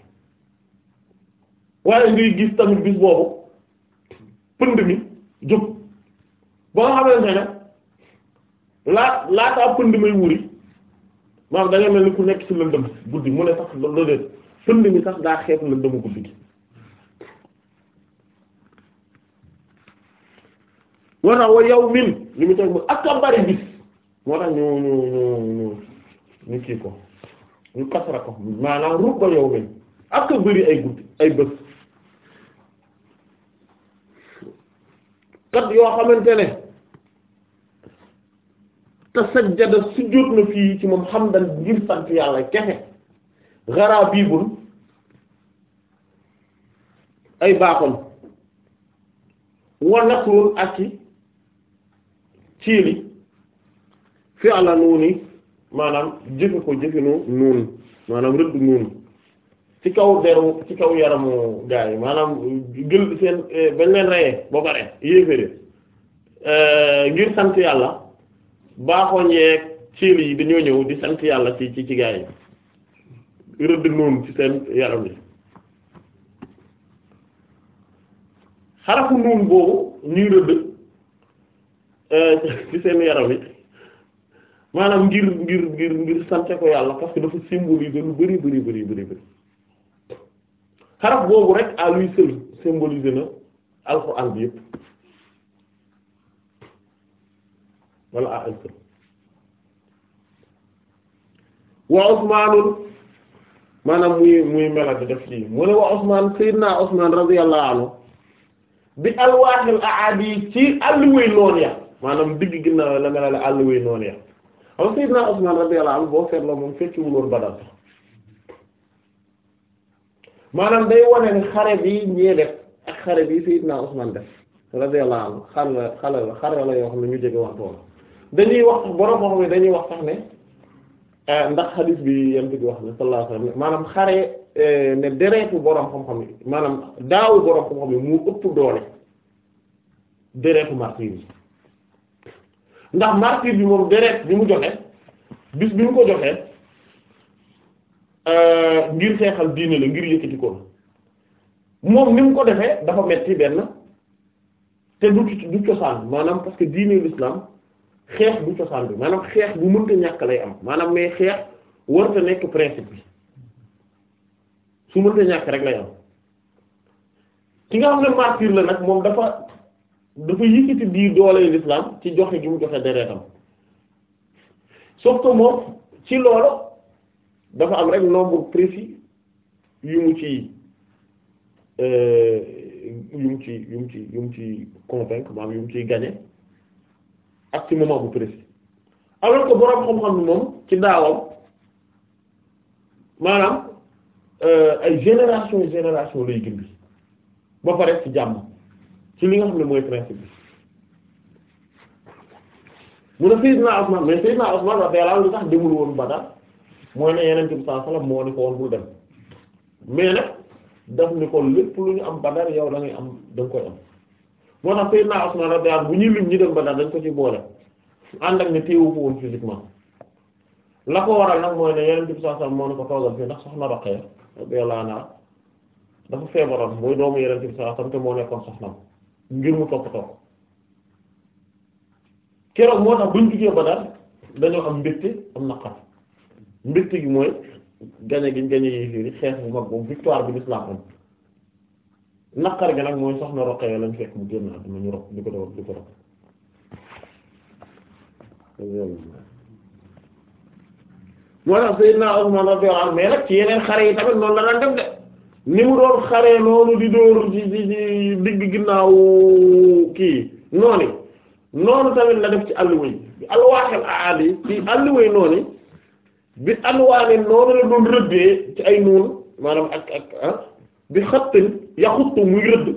A: waaye ngay gis tamit bis boobu pënd mi jóg ba nga xamante ne laa laataa pënd may wuri maam da ngay mel ni ku nekk ci lëndëm guddi mu ne sax loolu fënd mi sax daa xeetu la dama guddi gi moo tax wa yow min li mu teg ak a bari bis moo tax ñu ñu ñu ñu kii ko ñu kasara ko maanaam rub ba yow min ak a bari ay guddi ay bés kat yoo xamante ne tasajjada sujjóot na fii ci moom xam dan ngir sant yàlla kexe garabibul ay baaxoñ wa naqrun ak ci ciili fi ala nuuni maanaam jëfe ko jëfinu nuun maanaam rëdd nuun ci kaw deru ci kaw yaramu gaa yi maanaam gël seen eh, bañ leen reyee ba pare yéefére eh, ngir sant yàlla baaxoñ yeeg ciili yi dañoo ñëw di sant yàlla ci ci gaa yi rëdd nuun ci seen yaram yi xarafu nuun boobu ñuy rëdd euh, ci seen yaram yi maanaam ngir ngir ngir ngir sante ko yàlla parce que dafa symboliser lu bari bari bari bari bari boobu rek à lui seul symboliser na alxuraan bi yépp wala à elle seule wa Usmaanul maanaam muy muy melati def ci mu ne wa naa sayyidina Usmaan radiyallahu anhu bi alwaaxil aadi ci àlluway noon ya maanaam digg ginnaaw la nga ne la àlluway noon ya xam Seydina Usmaan radiyallahu anhu boo seetloo moom fekkiwul woon Badar maanaam day wane ne xare bi ñee def ak xare bi Seydina Usmaan def radiyallahu anhu xare la xare la xare la yoo xam ne ñu jege wax tool dañuy wax borom moo xam ne dañuy wax sax ne eh, ndax xadiis bi yent bi wax ne sallallahu alayhi wasallam maanaam xare Eh, ne deretu boroom xam-xam yi maanaam daawu boroom xam-xam yi mu ëpp doole deretu martyr bi ndax martyr bi moom deret bi mu joxe bis bi mu ko joxee eh, ngir xeexal diine la ngir yëkkati ko moom ni mu ko defee dafa metti benn te du du cosaan maanaam parce que diine l'islam xeex du cosaan bi maanaam xeex bu mënta ñàkk lay am maanaam mais xeex warta nekk principe bi su mënta ñàkk rek la yam ki nga xam ne martyr la nag moom dafa dafa yëkkati biir doole l'islam ci joxe gi mu joxe deretam sauf que moom ci loolu dafa am rek nombre précis yu mu ci euh, yu mu ci yu mu ci yu mu ci convaincre maanaam yu mu ciy gagner ak ci moment bu précis alors que boroom xam-xam ni moom ci daawam maanaam Euh, ay génération génération lay bi ba pare ci jàmm ci li nga xam ne mooy principe bi mu ne Seydina Usman mais Seydina Usman radiyallahu anhu sax demul woon Badar mooy ne yeneen bi sallallahu alayhi wasallam moo ni ko woon bul mais nag ko lépp lu ñu am Badar yow da ngay am da nga koy am moo tax Seydina Usman bu ñuy lim ñi dem Badar dañ ko ci boole ànd ak ne teewu ko woon physiquement la ko waral nag mooy ne Yonent bi sallallahu moo ni ko toogal fii ndax soxna Ruqayya radiyallahu anha dafa feebaroon mooy doomu Yonent bi sallallahu alayhi te moo nekkoon soxnam ngir mu toppatoo keroog moo tax buñ jugee ba daal dañoo am mbégte am naqar mbégte gi mooy gañe giñ gañe yi fii xeex bu mag boobu victoire bi l'islam am naqar gi nag mooy soxna Ruqayya lañ fekk mu génn àdduna ñu rop di ko doon di ko rop. moo tax Seydina Usmaan radiyallahu anhu mais ci yeneen xare yi tamit noonu la daan def de ni mu doon xare noonu di dóor ci ci ci digg kii noonu noonu tamit la def ci alluwa yi bi alwaaxel aad yi ci alluwa yi noonu bi noonu la ci ay noonu maanaam ak ak ah bi xattin yaxuttu muy rëdd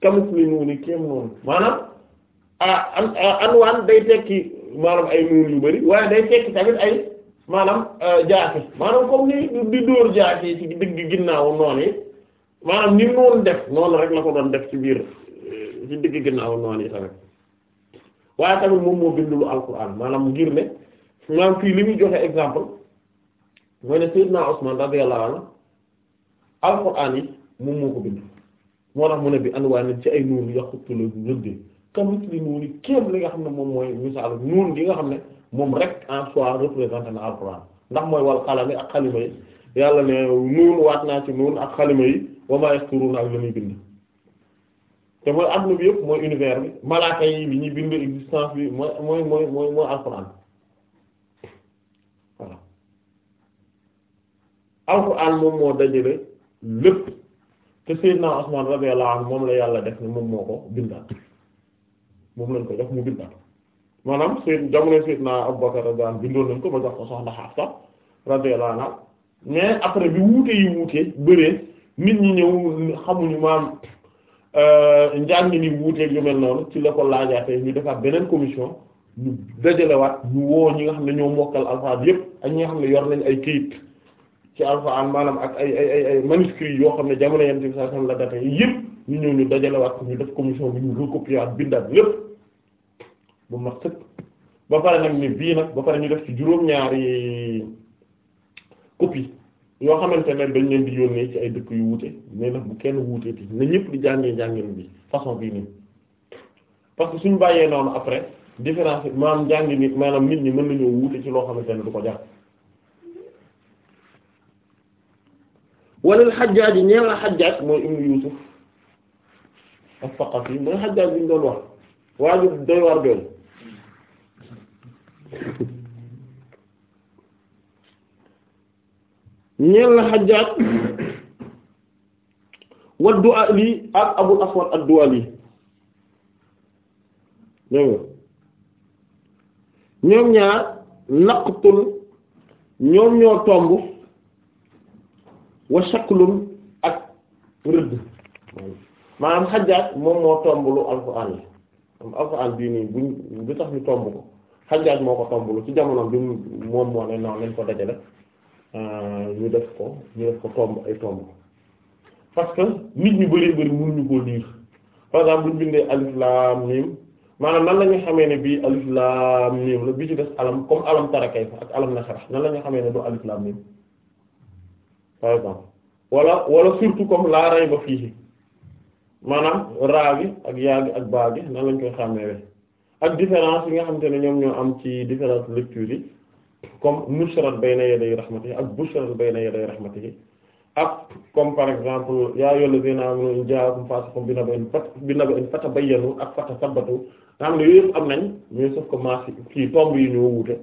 A: kamis li noonu kéem noonu maanaam ah an ah, day tekki maanaam ay noonu yu bari waaye day tekki tamit ay. maanaam euh, jaaki maanaam comme ni di dóor jaaki ci digg ginnaawu noonu yi maanaam ni noonu def noonu rek la ko doon def ci biir euh, ci digg ginnaawu noonu yi tamit waaye tamit moom moo bind lu alquran maanaam ngir ne maanaam li muy joxe exemple mooy ne Seydina Usman yi moom moo ko bind moo tax mu ne bi anwaan ci ay nuur yaqutula rëdde kam misli nuuni kéem li nga xam ne moom mooy misaalu nuun gi nga xam ne moom rek en soi représenté na alxuraan ndax mooy wal xalami ak xalima yi yàlla ne nuun waat naa ci nuun ak xalima yi wa maa yasturun ak la ñuy bind te mooy adduna bi yëpp mooy univers bi malaaka yi li ñuy bind existence bi mooy mooy mooy mooy mooy alxuraan voilà alxuraan moom moo dajale lépp te Seydina Usmaan radiyallahu anhu moom la yàlla def ne moom moo ko bindaat moom lañ ko def mu bindaat maanaam seen jamono Seydina Abubakar radiyallahu anhu bindoon nañ ko ba jox ko soxna Hafsa radiyallahu anha mais après bi wuute yi wuute bëree nit ñi ñëw xamuñu maam euh, njàng ni wuuteeg yu mel noonu ci la ko laajaatee ñu defaat beneen commission ñu dajalewaat ñu woo ñi nga xam ne ñoo mokkal alphabet yépp ak ñi nga xam ne yor nañ ay kayit ci alphabet maanaam ak ay ay ay ay yoo xam ne jamono yonent bi sallallahu alayhi wasallam la date yépp ñu ñëw ñu dajalewaat ñu def commission bi ñu recopier waat bindaat lépp. bu mu mat sëkk ba pare nag ni bii nag ba pare ñu def ci juróom-ñaari copie yoo xamante ne dañ leen di yónnee ci ay dëkk yu wuute ne nag bu kenn wuutee ti na ñëpp di jàngee njàngin bii façon bii nii parce que suñ bàyyee noonu après différence maanaam jàngi nit maanaam nit ñi mën nañoo wuute ci loo xamante ne du ko jàpp walal xajjaaj yi ñeel a xajjaaj mooy ibnu Yuusuf ak Saqafi mooy xajjaaj bi ñu doon wax waaju doy war doon ñeel na Hajjaaj wa Du'ali ak Abul Aswad ad-Du'ali ñoom ñaar naqtun ñoom ñoo tomb wa shaklun ak rëdd maanaam Hajjaaj moom moo tomb lu alxuraan yi am alxuraan bii nii buñ bu tax ñu tomb ko Hajjaj moo ko tombulu ci jamono bi moom moo ne noonu lañ ko dajale euh, ñu def ko ñu def ko tomb ay tomb parce que nit ñu bëree bëri mënuñu koo liir par exemple buñ bindee alif laam maanaam nan la xamee ne bii alif laam la bi ci des alam comme alam tarakay fa ak alam nasara nan la ñu xamee ne du alif laam miim par exemple wala wala surtout comme laa rayba fiihi maanaam raa gi ak yaa gi ak baa gi nan lañ koy xàmmee ak différence yi nga xamante ne ñoom ñoo am ci différence lecture yi comme mushrat bayna yaday rahmatihi ak bushrat bayna yaday rahmatihi ak comme par exemple yaa ayyuhal lazina amanu in jaa'akum faasiqun binaba'in fatabayyanu ak fatasabbatu nga xam am nañ mais sauf que maas kii tomb yi ñoo wuute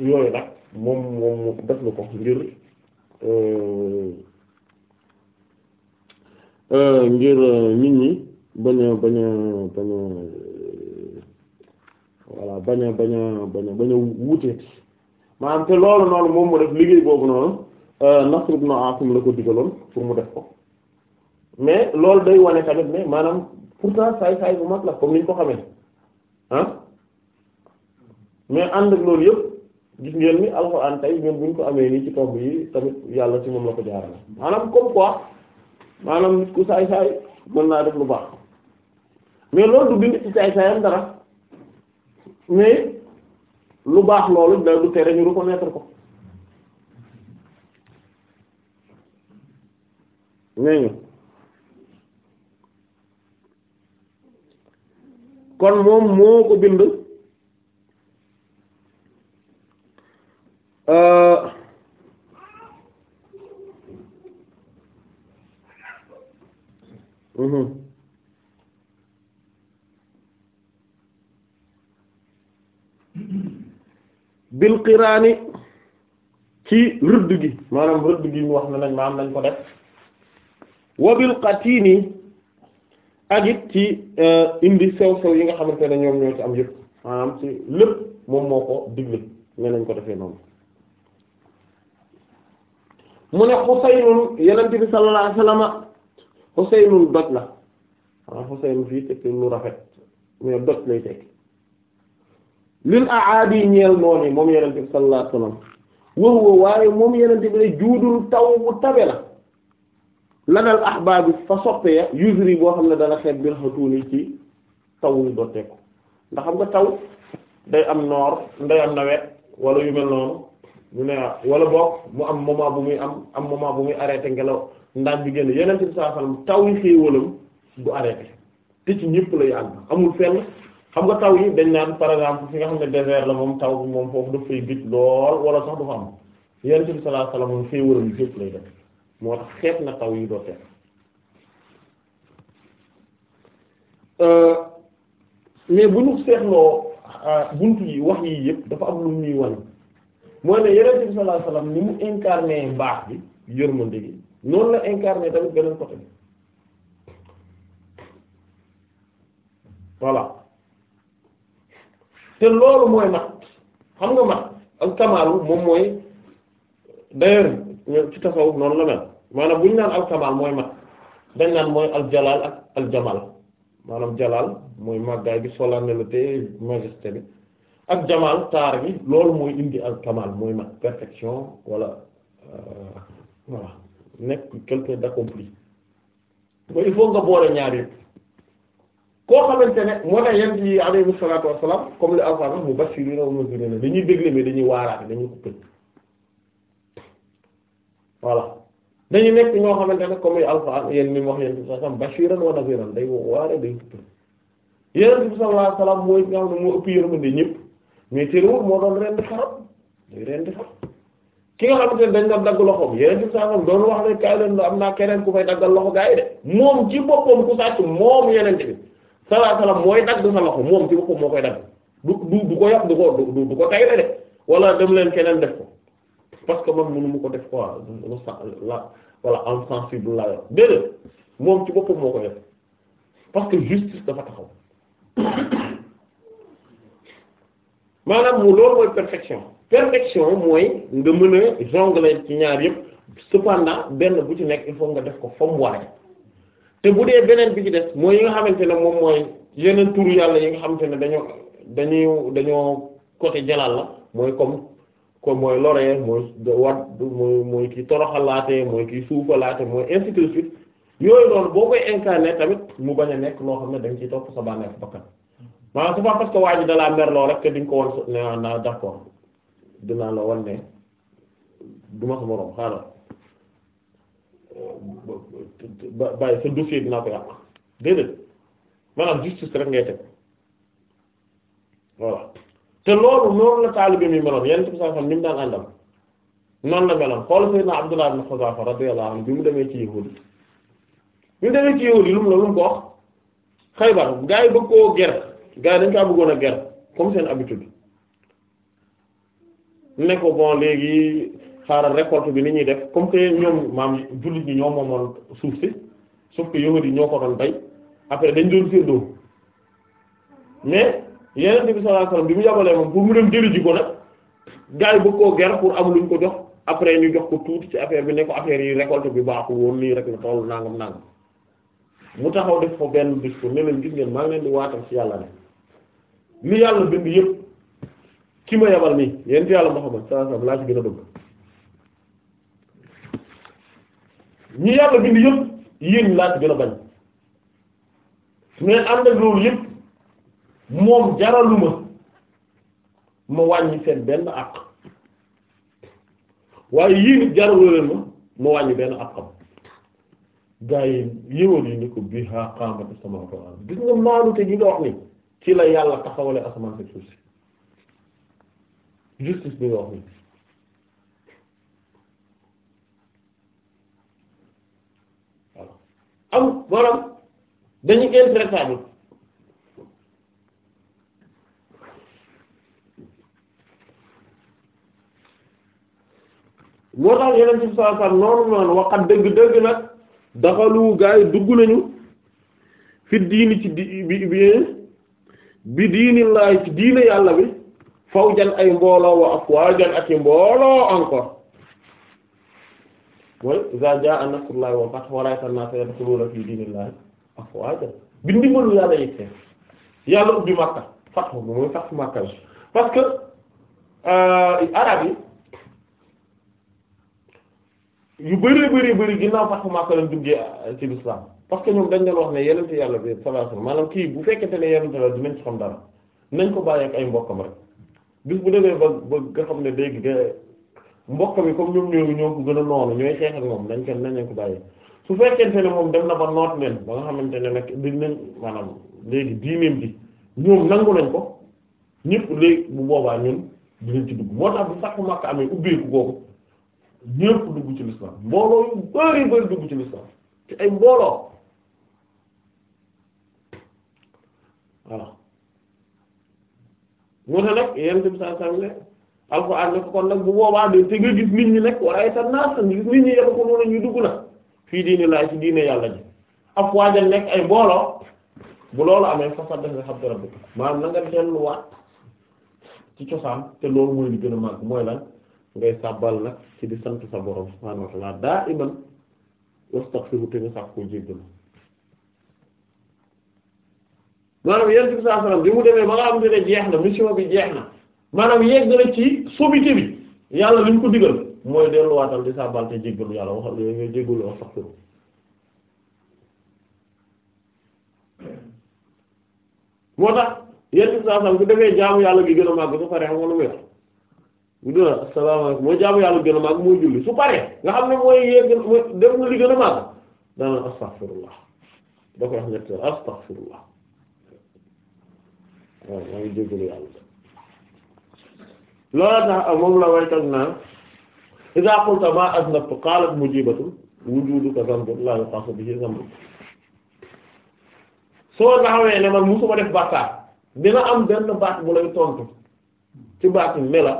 A: yooyu nag moom moom def lu ko ngir euh, euh, ngir euh, nit ñi bañ a bañ waaw bañ a bañ a bañ a bañ wuute maanaam te loolu noonu moom mu def liggéey boobu noonu euh, Nasr ibn Asim la ko digaloon pour mu def ko mais loolu day wane tamit ne maanaam pourtant saay-saay bu mag la comme ni ñu ko xamee mais ànd loolu yëpp gis ngeen ni Alxuraan tey ñun bu ñu ko amee nii ci tomb yi tamit yàlla ci moom la ko jaarale maanaam comme quoi maanaam nit ku saay-saay mën naa def lu baax mais loolu du bind ci saay-saayam dara. mais lu baax loolu da du tere ñu reconnaître ko nee ñu kon moom moo ko bind euh mhm. bil qiraani ci rëdd gi maanaam rëdd gi mu wax na nañ maam nañ ko def wa bil qatini ak ci euh, indi sew sew yi nga xamante ne ñoom ñoo ci am yëpp maanaam ci lépp moom moo ko digle ne nañ ko defee noonu mu ne xuseynun yenent bi sallallahu alayhi wasallam xuseynun doj la waaw xuseynun fii tekki lu rafet mais doj lay tekki lil aadi ñeel noon yi moom yenente bi sallallahu alayhi wasallam wax wa waaye moom yenente bi ne juudul taw bu tabe la lanal ahbaabi fa soppe ya usri boo xam ne dana xeet bil xatuuni ci taw yu dotteeku ndax xam nga taw day am noor day am nawet wala yu mel noonu ñu ne wala boog mu am moment bu muy am am moment bu muy arrêté ngelaw ndaan bi génn yenente bi sallallahu alayhi taw yi xéewalam du arrêté te ci ñëpp la yàlla amul fenn xam nga taw yi dañ naan par exemple fi nga xam ne désert la moom taw bi moom foofu daf fay bit lool wala sax du fa am yonent bi sallallahu alayhi wasallam na taw yi doo teel euh, mais bu ñu seetloo euh, buntu yi wax yi yëpp dafa am lu ñuy wan mooy ne yonent bi sallallahu alayhi wasallam baax bi yërmande gi noonu la incarné tamit beneen côté bi voilà. te loolu mooy mat xam nga mat ak kamaalu moom mooy d'ailleurs ci tasawuf noonu la mel maanaam bu ñu naan al mooy mat dañ naan mooy al jalaal ak al jamaal maanaam jalaal mooy màggaay bi solennité majesté bi ak jamaal taar bi loolu mooy indi al kamaal mooy mat perfection wala euh, voilà nekk quelque d'accompli mooy il faut nga boole ñaar yëpp koo xamante ne moo tax yent yi alayhi salaatu wassalaam comme li alxuraan mu bashiriina wa munziriina dañuy dégle mais dañuy waaraate dañuy xuppal voilà dañu nekk ñoo xamante ne comme li alxuraan yéen ni mu wax yent bi sallallahu alayhi wasallam bashiran wa naziran day waare day xuppal yent bi sallallahu alayhi moo ëpp yërmande ñëpp mais téréwul moo doon rendi xarab day rendi xarab ki nga xamante ne dañ doon dagg loxoom yeneen ci saafam doon wax ne kaay leen am naa keneen ku fay daggal loxo gaa yi de moom ci boppam ku sàcc moom sallallahu mooy dagg sa loxo moom ci boppam moo koy dagg du du du ko yàq du ko du du ko tayle de wala dem leen keneen def ko parce que man mënu mu ko def quoi lu la wala insensible la yor déedéet moom ci boppam moo koy def parce que justice dafa taxaw maanaam mu loolu mooy perfection perfection mooy nga mën a jongler ci ñaar yëpp cependant benn bu ci nekk il faut nga def ko fa waree te bu dee beneen bi ci des mooy yi nga xamante na moom mooy yeneen turu yàlla yi nga xamante ne dañoo dañoo dañoo côté jalal la mooy comme comme mooy loree mooy wat mooy mooy kii toroxalaate mooy kii suufalaate mooy ainsi boo koy tamit mu bañ a nekk loo xam ne dañ ciy topp sa bànneex bakkan maanaam c'est pas parce que waa ji dalaa merloo rek di nga ko wan ne ah naa d'accord dinaa la wan ne du sa moroom xaaral bàyyi sa dossier a ko yàq déedéet maanaam justice rek ngay teg voilà te loolu noonu la taalibe mi meloon yenn ci saa xam ni mu daan àndal noonu la meloon xool Seydina Abdullah ibn bi mu demee ci yahuud yi demee ci yahuud lu mu la lu mu ko wax Xaybar gaa yi bëgg koo ger gaa yi dañ kaa bëggoon a ger comme seen habitude ne bon léegi. xaaral récolte bi ni ñuy def comme que ñoom maam jullit ñi ñoo moomoon suuf si sauf que yahudi ñoo ko doon bay après dañ doon séddoo mais yeneen bi sallallahu alayhi wasallam bi mu yabalee moom pour mu dem jëli ji ko nag gars yi bëgg koo ger pour am luñ ko jox après ñu jox ko tuuti ci affaire bi ne ko affaire yi récolte bi baaxul woon lii rek la toll nangam nangam mu taxaw def ko benn discours ne leen gis ngeen maa ngi leen di waatal ci yàlla ne li yàlla bind yëpp ki ma yabal nii yéen ci yàlla Muhammad sallallahu alayhi wasallam laa ci gën a bëgg. ñu yàlla bind yëpp yéen laa ci gën bañ mais am na loolu yëpp moom jaraluma ma wàññi seen benn àq waaye yii nit jaralu leen ma ma wàññi benn àqam gaa yi yëwal yi ni ko bii xaa xaamati sama ko am gis nga maanute gi nga wax ni ci la yàlla taxawale asamaan si suuf si justice bi nga wax ni am maanaam dañu intraitable moo tax yeneen ci saa saa noonu waxat dëgg-dëgg nag daxalu gaa dugg nañu fi diini ci di bi bi diini laay ci diine yàlla bi faw jan ay mbooloo wa afwaajan ak i mbooloo encore mooy iza jaa nasrullahi wal fath wa ra'aytan naasa yadkhuluuna fii diinillahi afwaaja bi ndimbalu yàlla yegg yàlla ubbi Makka fath bi mooy fath Makka la parce que euh, arab yi yu bëree bëri bëri ginnaaw fath Makka lañ duggee euh, ci lislaam parce que ñoom dañ doon wax ne yonent yàlla bi sallallahu alayhi maanaam kii bu fekkente ne yonent la dinañ ci xam dara nañ ko bàyyi ak ay mbokkam rek bis bu demee ba ba nga xam ne léegi mbokk mi comme ñoom ñoo ñoo gën a noonu ñooy xeex ak moom dañ kenn nañ ko bàyyi su fekkente ne moom dem na ba noot leen ba nga xamante ne nag dañ leen maanaam léegi diineem di ñoom nangu nañ ko ñëpp léegi bu boobaa ñun dinañ ci dugg moo tax bu sax Makka amee ubbeeku googu ñëpp dugg ci l'islam mbooloo yu bari bari dugg ci l'islam ci ay mbooloo voilà moo tax nag yenn saa saa ne. alxuraan ne ko nag bu boobaa de te nga gis nit ñi nekk wala ay sa naas nit ñi yàlla ko noonu ñu dugg na fii diini laa ci diine yàlla ji af waajal nekk ay mbooloo bu loolu amee fasadda nga xam dara bëgg maanaam na nga delluwaat ci cosaan te loolu mooy li gën a ngay sàbbal nag ci di sant sa borom subhaanahu wa ta'ala da'iman wastaghfiru te nga sax maanaam yéen ci saa salaam bi mu demee ba nga xam ne jeex na mission bi jeex na. maanaam yegg na ci sommité bi yàlla li ñu ko digal mooy delluwaatal di saabal te jéggalu yàlla waxal yooyu jéggalu wax sax turu moo tax yenn saa sax bu yàlla gi gën a màgg su paree xam nga lu muy wax bu dul asalaamaaleykum mooy jaamu yàlla gën a màgg julli su nga xam ne mooy yegg mooy def na li gën a màgg daanaka astaghfirullah koy wax ñetti astaghfirullah waaw maa ngi jéggalu yàlla. loola tax moom la waykat naan iza qulta ma aznabtu qalat mujibatu wujuduka zambun la yuqasu bihi zambun soo taxawee ne man musuma def bàkkaar dina am benn baat bu lay tontu ci baat ne la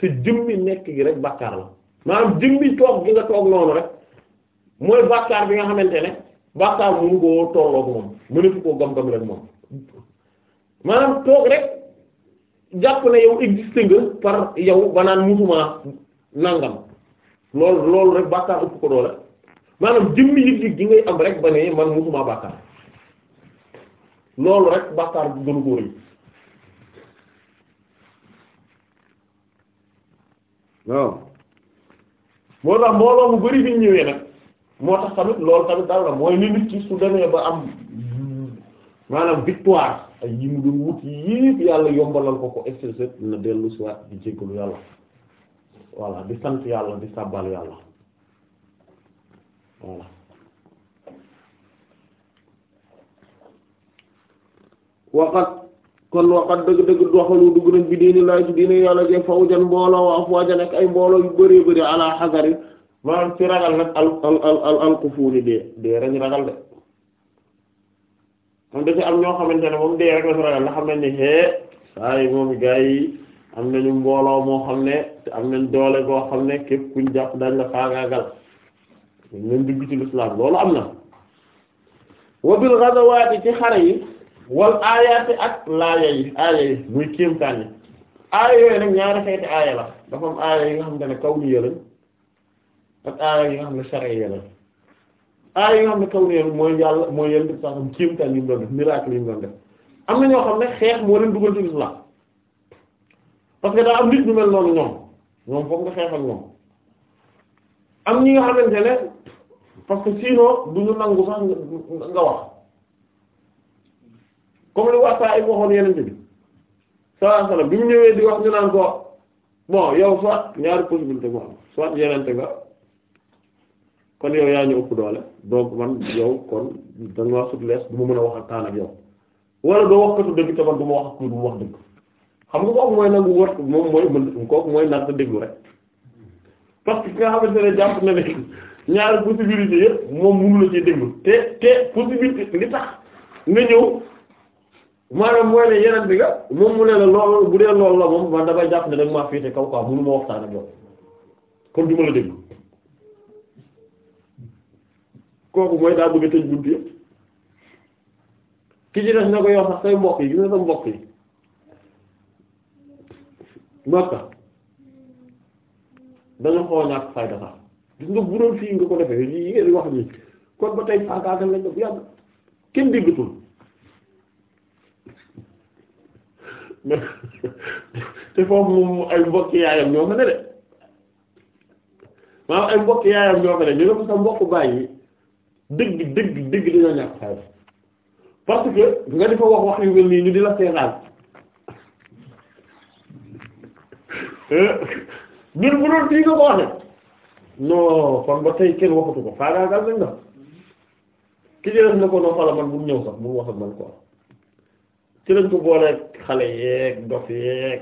A: sa jëmmi nekk gi rek bàkkaar la maanaam jëmmi toog gi nga toog noonu rek mooy bàkkaar bi nga xamante ne bàkkaar mënu koo tolloo ak moom mënatu koo gam-gam rek moom maanaam toog rek jàpp ne yow existé nga par yow ba naan nangam loolu loolu rek bàkkaar ëpp ko doole maanaam jëmmi yëg-yëg gi ngay am rek ba ne man musuma bàkkaar loolu rek bàkkaar bu gënu koo rëy waaw moo tax mbooloo mu bari fi ñëwee nag moo tax tamit loolu tamit dal la mooy ni nit ci su demee ba am maanaam victoire ak yi mu doon wut yépp yàlla yombalal ko ko exercer na dellu si waat di jéggalu yàlla voilà di sant yàlla di sàbbal yàlla voilà waxat kon waxat dëgg-dëgg doxalu dugg nañ bi diini laay ci diini yàlla jëf fawjan mbooloo wa afwajan ak ay mbooloo yu bëree bëri ala xasari maanaam ci ragal nag al al al al kufuuri dee dee rañ ragal de moom de am ñoo xamante ne moom dee rek la xam nañ ne hee saa yi moom gars yi am nañu mbooloo moo xam ne te am nañ doole goo xam ne képp kuñ jàpp dañ la faagaagal ñun dugg ci lislaam loolu am na wa bil ghadawaati ci xare yi wal aayaati ak laaya yi aaya yi muy kéemtaan yi aaya yooyu nag ñaari xeeti aaya la dafa am aaya yi nga xam ne kaw ni yëlan ak aaya yi nga xam ne shar'i yëlan aay yi nga xam ne kaw neenu mooy yàlla mooy yéen di saxam kéemtaan yi mu def miracle yi mu def am na ñoo xam ne xeex moo leen dugal ci islam parce que daa am nit ñu mel noonu ñoom ñoom foog nga xeex ñoom am ñi nga xamante ne parce que sinon du ñu nangu sax nga wax comme li waxtaa ay waxoon yenente bi sallallahu alayhi wasallam bi mu ñëwee di wax ñu naan ko bon yow soit ñaari possibilité moo am soit yenente nga kon yow yaa ñu ëpp doole donc man yow kon da nga maa ma mën a wax ak taan ak yow wala doo wax katu dëgg te man ma wax ak kii du wax dëgg xam nga kooku mooy nangu war moom mooy mën déglu rek parce nga xamante ne jàpp na ne ñaari possibilité yëpp moom mënu la ci déglu te ñëw maanaam mooy ne yeneen bi nga moom mu ne la loolu bu dee loolu la moom man damay jàpp ne dag maa féete kaw quoi mënu ma waxtaan ak yow kon du ma la déglu kooku mooy daa bëgg a tëj bunt yëpp ki ci def na ko yow say mbokk yi gis nga mbokk yi Makka dañu xaw a ñàkk fayda sax gis fii nga ko defee lii ngeen wax nii kon ba tey faagaagal lañ def yàlla kenn te foofu moom ay mbokk yaayam ñoo fa de maanaam ay mbokk yaayam ñoo fa ne ñu ne ko sa mbokk bàyyi. dëgg dëgg dëgg dañoo ñàkk xaalis parce nga di fa wax wax yu mel nii ñu di la seetaan ñun bu doon fii nga ko waxee non kon ba tey kenn waxatu ko faagaagal nañ la ki jëlee na ko non xala man bu ñëw sax bu wax ak man quoi ci ko booleeg xale yeeg dof yeeg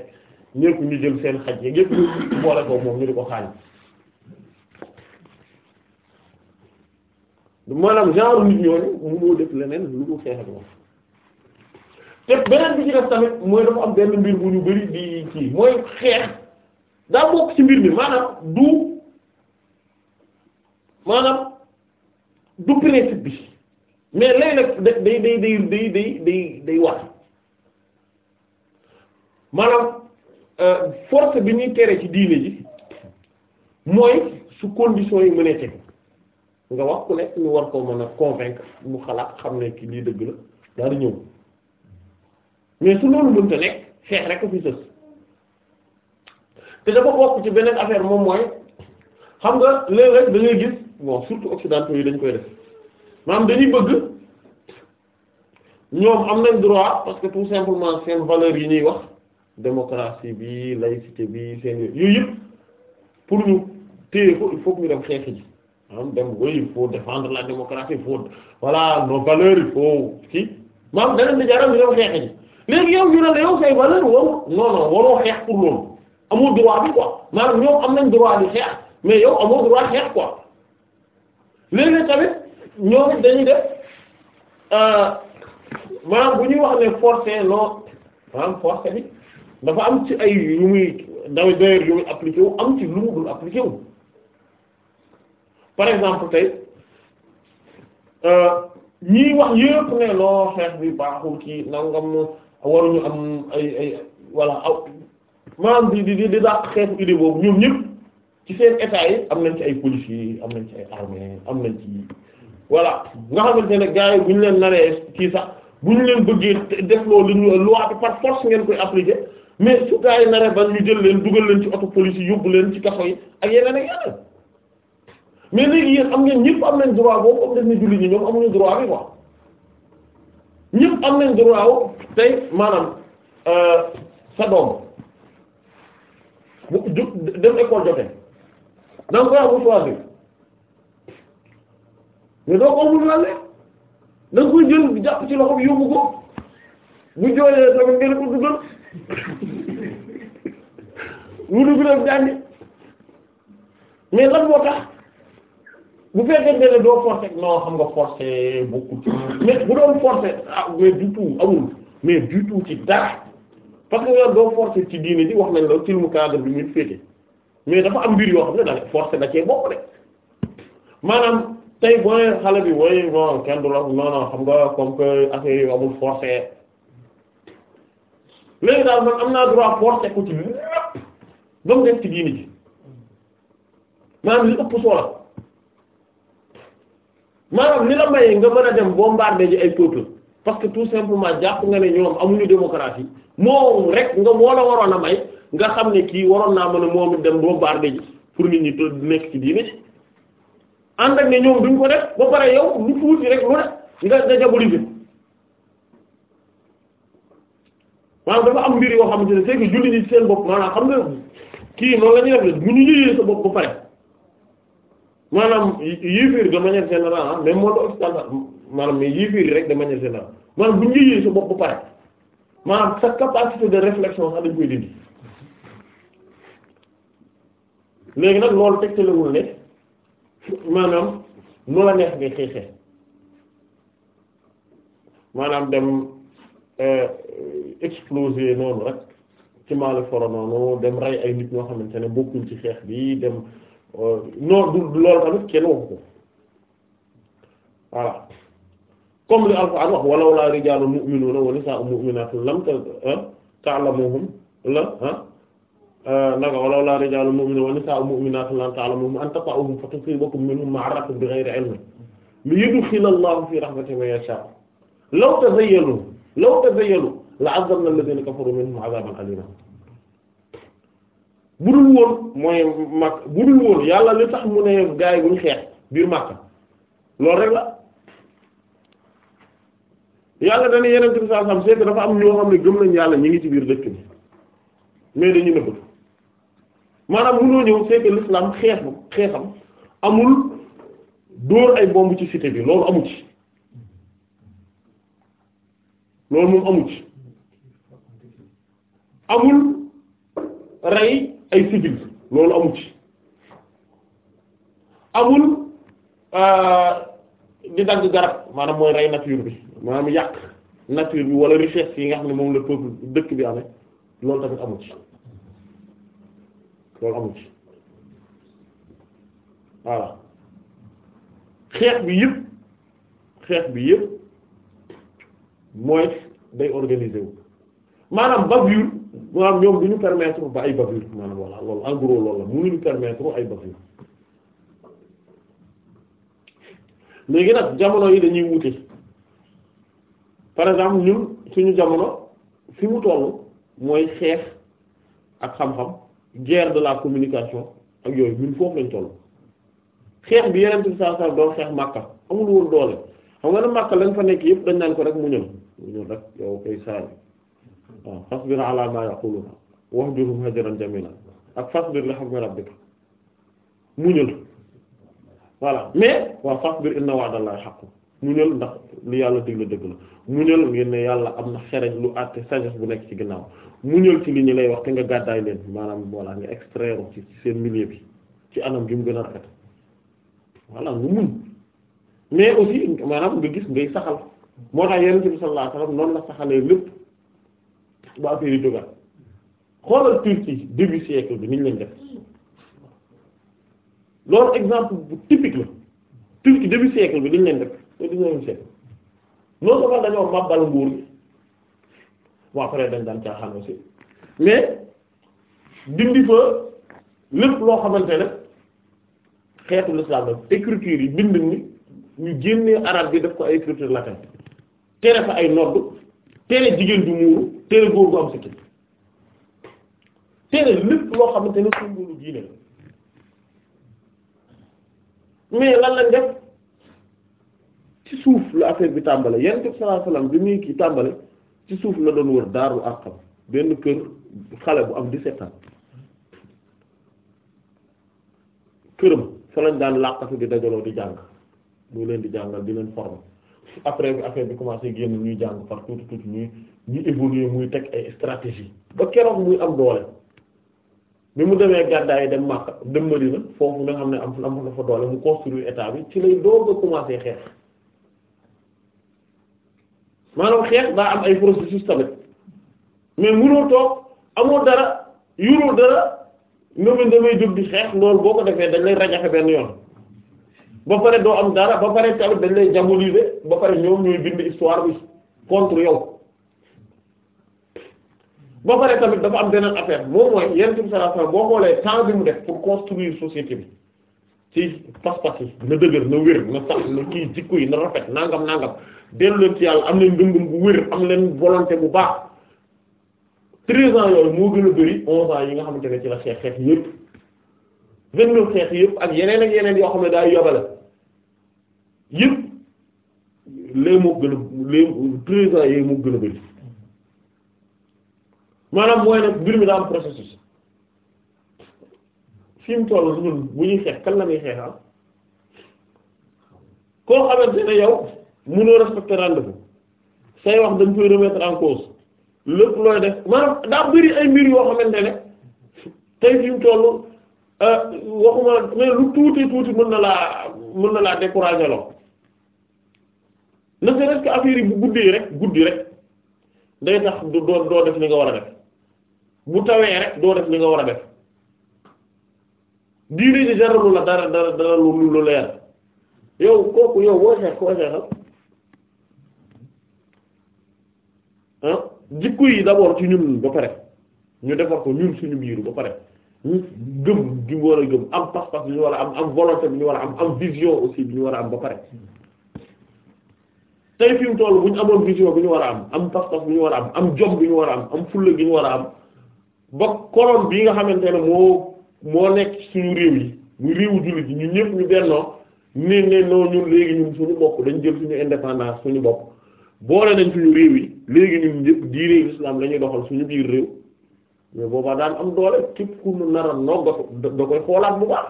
A: ñëpp ñu jël seen xaj yeeg yëpp ñu boole ko moom ñu di ko xaañ. maanaam genre nit ñooñu mënoo def leneen lu dul xeex ak moom te beneen bi ci def tamit mooy dafa am benn mbir bu ñu bari di kii mooy xeex daa bokk ci mbir mi maanaam du maanaam du principe bi mais léeg-léeg day day day day day day day wax maanaam euh, force bi ñuy tere ci diine ji mooy su conditions yi mënee tegu nga wax ku nekk ñu war koo mën a convaincre mu xalaat xam ne kii lii dëgg la daal di ñëw mais su loolu mënta nekk xeex rek fi sës te dafa bokk ci beneen affaire moom mooy xam nga léeg-léeg da ngay gis bon surtout occidentaux yi dañ koy def maanaam dañuy bëgg ñoom am nañ droit parce que tout simplement seen valeurs yi ñuy wax démocratie bi laïcité bi seen yooyu yëpp pour ñu téye ko il ñu dem xeex ji maanaam dem oui il faut défendre la démocratie il faut voilà nos valeurs il faut kii maanaam danañ ne jaram yow xeex ji léegi yow ñu ne la yow say valeur warul non non waroo xeex loolu amoo droit bi quoi maanaam ñoom am nañ droit di xeex mais yow amoo droit xeex quoi léegi tamit ñoom dañuy def euh, maanaam bu ñuy wax ne forcé non maanaam forcé bi dafa am ci ay yu muy daw d'ailleurs yu muy appliqué am ci lu mu dul appliqué par exemple tey euh, ñii wax yëpp ne loo xeex bi baaxul kii nangam waruñu am ay ay voilà aw maanaam di di di dàq xeexu idée boobu ñoom ñëpp ci seen état yi am nañ ci ay policiers am nañ ci ay armée am nañ ci voilà nga xam ne gars yi bu ñu leen naree kii sax bu ñu leen bëggee def loolu lu ñu loi bi par force ngeen koy appliquer mais su gars yi ba ñu jël leen dugal leen ci auto police yóbbu leen ci kaso yi ak yeneen ak yeneen. mais léegi yéen am ngeen ñëpp am nañ droit boobu comme def ni julli ñi ñoom amuñu droit bi quoi ñëpp am nañ droit tey maanaam euh, sa doom bu ju dem école jotee da nga koy am choisir mais doo ko amul laale da koy jël jàpp ci loxo bi yóbbu ko bu jooyee tamit ngeen ko dugal mu dugg dem jàngi mais lan moo tax. bu fekkente ne doo forcer non xam nga forcer bokkul mais bu doon forcer ah mais du tout amul mais du tout ci dara parce que yow doo forcer ci diine ji wax nañ la ci lu bi muy féete mais dafa am mbir yoo xam ne da forcer da cee bokk rek maanaam tey boo xale bi mooy non kenn du la non xam nga comme que affaire yi amul forcer léegi daal man am naa droit forcer ko ci lépp ba mu def ci diine ëpp solo. maanaam ni la mayee nga mën a dem bombarder ji ay peuple parce que tout simplement jàpp nga ne ñoom amuñu démocratie moom rek nga moo la waroon a may nga xam ne kii waroon naa mën a moom dem bombarder ji pour nit ñi te nekk ci diine ci ànd ak ne ñoom duñ ko def ba pare yow lu tuuti rek lu ne nga nga jaboliser maanaam dafa am mbir yoo xamante ne c'est que julli ñi seen bopp maanaam xam nga kii noonu la ñuy ñu ñu yëyee sa bopp ba pare maanaam yéeféer de manière générale ah même moo doon standard maanaam mais yéeféer rek de manière générale maanaam bu ñu yéeyee sa bopp ba pare maanaam sa capacité de réflexion sax dañ koy dindi léegi nag loolu tegtalewul ne maanaam nu la neex ngay xeexee maanaam dem euh, exploser noonu rek ci maalo foro noonu dem rey ay nit ñoo xamante ne bokkuñ ci xeex bi dem Euh, non du loolu tamit kenn waxu ko voilà comme li alquran wax walaw laa rijaalun mu'minuuna wa nisaa'un mu'minaatun lam ah, ta'lamuhum la ah euh, naka walaw laa rijaalun mu'minuuna wa nisaa'un mu'minaatun lam ta'lamuhum an tata'uuhum fa tusiibakum minhum ma'ratun bi ghayri 'ilmin liyudkhila Allahu fii rahmatihi man yashaa'u law tazayyalu law tazayyalu la'azzabna alladhiina kafaruu minhum 'adhaaban aliimaa bu dul woon mooy Makka budul woon yàlla li tax mu ne gaa yi buñ xeex biir Makka loolu rek la yàlla dañuy yeneen ci saa sam dafa am ñoo xam ne gëm nañ yàlla ñu ngi ci biir dëkk bi mais dañu nëbbatu maanaam mënoo ñëw seet l'islam xeex xeexam amul dóor ay bomb ci cité bi loolu amu ci loolu moom amu ci amul rey ay civil loolu amu ci amul euh, di dagg garab maanaam mooy rey nature bi maanaam yàq nature bi wala richesse yi nga xam ne moom la peuple dëkk bi amee loolu tamit amu ci loolu amu ci voilà xeex bi yëpp xeex bi yëpp mooy day organiser wu maanaam bavure maanaam ñoom du ñu permettre ba ay bavure maanaam voilà loolu en gros loolu la mu mënuñu permettre ay bavure léegi nag jamono yi dañuy wute par exemple ñun suñu jamono fi mu toll mooy xeex ak xam-xam guerre de la communication ak yooyu ñun foofu lañ toll xeex bi yeneen bi saa saa doon xeex Makka amul woon doole xam nga ne Makka lañ fa nekk yëpp dañ naan ko rek mu ñëw mu ñëw rek yow kay saa waaw fasbir ala ma yaquluna wahjurhum hajran jamila ak fasbir li hukmi mu muñal voilà mais waaw fasbir inna wa'dallahi haqqun muñal ndax li yàlla digle dëgg la muñal ngeen ne yàlla am na xereñ lu àtte sagesse bu nekk ci ginnaaw muñal ci li ñu lay wax te nga gàddaay leen maanaam voilà nga extraire ci seen milieu bi ci anam gi mu gën a rafet voilà nga muñ mais aussi maanaam nga gis ngay saxal moo tax yonent bi sallallahu alayhi wasallam ba affaire yi jógaat xoolal Turquie début siècle bi niñ lañ def loolu exemple bu typique la Turquie début siècle bi niñ leen def au dix-neuvième siècle non dañoo màbbal nguur gi bon dañ daan caaxaan mais dindi fa lépp loo xamante ne xeetu l'islam la écriture yi bind ni ñu génnee arabe bi def ko ay écriture latin tere fa ay nodd tere jigéen du muuru téere góor gu am sikkim téere lépp loo xamante ne sumbalu diine la suuf la affaire bi tàmbale yan bi sallallahu bi muy kii tàmbale ci suuf la doon wër daaru àqam benn kër xale bu am 17 ans këram fa lañ daan làqatu di dajaloo di jàng muy leen di jàngal di leen former après bi affaire bi commencé génn ñuy jàng par tuuti tuuti ñuy évoluer muy teg ay stratégie ba keroog muy am doole bi mu demee gàddaa yi dem Makka dem Madina foofu nga xam ne am am na fa doole mu construire état bi ci lay doog a commencé xeex maanaam xeex daa am ay processus tamit mais mënoo toog amoo dara yuroo dara nga mën damay jóg di xeex loolu boo ko defee dañ lay rajaxe benn yoon. ba pare doo am dara ba pare tamit dañ lay diaboliser ba pare ñoom ñooy bind histoire bi contre yow ba pare dafa am beneen affaire moom mooy yonent bi sallallahu alayhi boo xoolee temps bi mu def pour construire société bi ci pas-pas yi na dëgër na wér na sax na kii jikko yi na rafet nangam nangam dellu leen ci yàlla am leen ngëm-ngëm bu wér am leen volonté bu baax treize ans yooyu moo gën a bëri onze ans yi nga xamante ne ci la xeex xeex yépp vingt-neuf xeex yépp ak yeneen ak yeneen yoo xam ne daal yobale yëpp lee moo gën a lee treize moo gën a bëri maanaam mooy nag mbir mi daa processus fi mu toll ñun bu ñuy xeex kan la ñuy xeexal ah? koo xamante ne yow mënoo respecter rendez-vous say wax dañ koy remettre en cause lépp looy def maanaam daa bëri ay mbir yoo xamante ne tey fi toll euh, waxuma mais lu tuuti tuuti mën na laa mën na laa décourager loo ne serait-ce que affaire bu guddee rek guddi rek day tax doo doo def li nga war a def bu tawee rek doo def li nga war a def diine ji jaralu la dara dara dara lu lu leer yow kooku yow boo seet koo seetal ah jikko yi d'abord ci ñun ba pare ñu defar ko ñun suñu biiru ba pare ñu gëm gi ñu war a gëm am pas-pas bi ñu war a am am volonté bi ñu war a am am vision aussi bi ñu war a am ba pare tey fi mu bu ñu amoon vision bi ñu war a am am pas-pas bi ñu war a am am jom ñu war a am am fulla bi ñu war a am ba koroon bii nga xamante ne moo moo nekk suñu réew yi mu réewu jullit yi ñun ñëpp ñu bennoo ne ne noo ñun léegi ñun suñu bopp dañ jël suñu indépendance suñu bopp boole nañ suñu réew yi léegi ñun ñëpp diine islam la doxal suñu biir réew mais boobaa daan am doole képp ku ñu nar a da koy xoolaat bu baax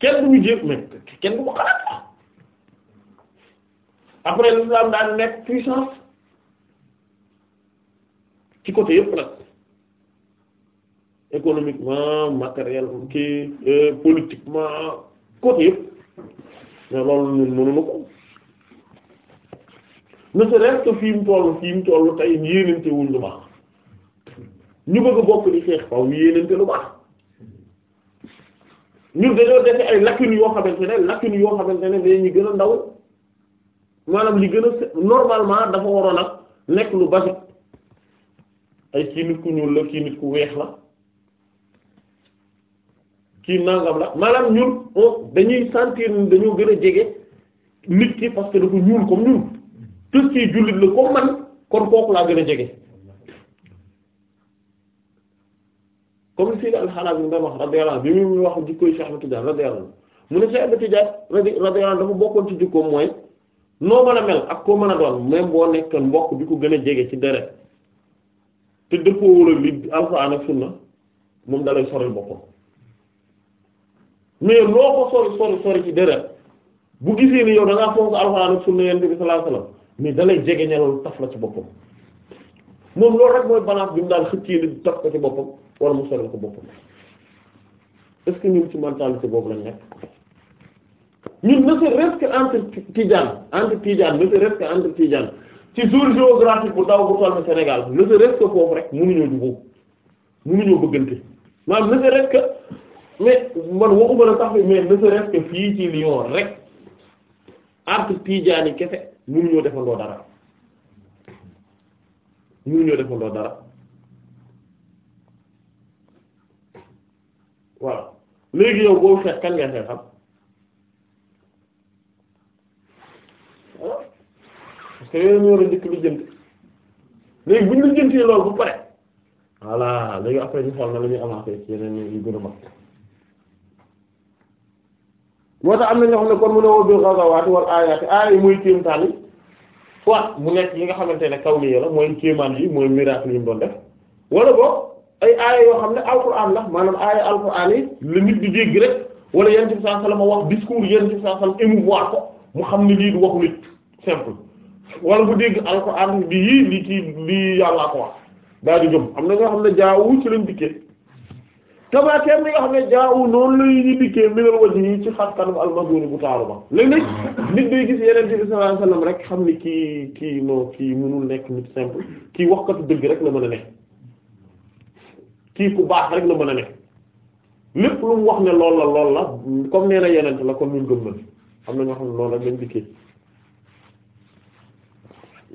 A: kenn du ñu jéem mais après l'islam daan nekk puissance ci côté yëpp nag économiquement matériellement kii euh, politiquement côté yëpp mais loolu ñun mënuñu ko ne serait-ce que fi mu toll fi mu wuñ lu baax ñu bëgg a bokk di xeex faw yéenante lu baax ñun dañoo defe ay lacunes yoo xamante ne lacunes yoo xamante ne dañuy gën a ndaw maanaam li gën a normalement dafa waroon ak nekk lu basique ay kii nit ku ñuul la kii nit ku weex la kii nangam la maanaam ñun on dañuy sentir ni dañoo gën a jege nit ki parce que dafa ñuul comme ñun te kii jullit la comme man kon kooku laa gën a jege comme si alxalaat mi nga wax radiyallahu bi mu wax jikkoy Cheikh Ahmed Tidiane radiyallahu mu ne Cheikh Ahmed Tidiane radiyallahu dafa bokkoon ci jikkoom mooy noo mën a mel ak koo mën a doon même boo nekkoon mbokk bi ko gën a jege ci deret te dëppoowul ak li alxuraan ak sunna moom dalay soril boppam mais loo ko sori sori sori ci deret bu gisee ni yow da ngaa fonk alxuraan ak sunna yonent bi sallallahu alayhi mais dalay jege ñaloolu taf la ci boppam moom loolu rek mooy balance bi mu daal xëccee ni taf ko ci boppam wala mu soril ko boppam est-ce que ñun ci mentalité boobu lañ nekk ñun ne serait-ce que entre Tidjane entre Tidjane ne serait-ce que entre Tidjane ci zone géographique bu ndaw bu toll Sénégal ne serait-ce que foofu rek mënuñoo jubóo mënuñoo bëggante maanaam ne serait-ce que mais man waxuma la sax mais ne serait fii ci Lyon rek entre Tidjane yi kese mënuñoo defandoo dara mënuñoo defandoo dara voilà léegi yow boo xeex kan nga xeexam. parce que yooyu ñoo la njëkk lu léegi bu ñu la jëndee loolu bu pare voilà léegi après ñu xool na la ñuy avancer ci yeneen yu gën a mag moo tax am na ñoo xam ne kon mu ne woo bil ghazawaati wal aayaati aaya yi mooy kéemtaan yi soit mu nekk yi nga xamante ne kaw li la mooy kéemaan yi mooy miracle yi mu doon def wala boo ay aaya yoo xam ne alquran la maanaam aaya alquran yi la nit di jéggi mu xam ne lii du waxu nit simple wala bu dégg alxuraan bi yii li kii li yàllaa ko wax daa di gëm am na nga xam ne jaawu ci lañ dikkee kama kenn mi nga xam ne jaawu noonu la ñu dikkee minal yi ci xar kanam almazuni bu taaru ba léeg-léeg nit day gis yeneen bi sallallahu alayhi wasallam rek xam ni kii kii non kii mënul nekk nit simple kii waxkatu dëgg rek la mën a nekk kii ku baax rek la mën a nekk lépp lu mu wax ne lool la lool la comme nee na yeneen la kon ñun gëm na am na ñoo xam ne loolu rek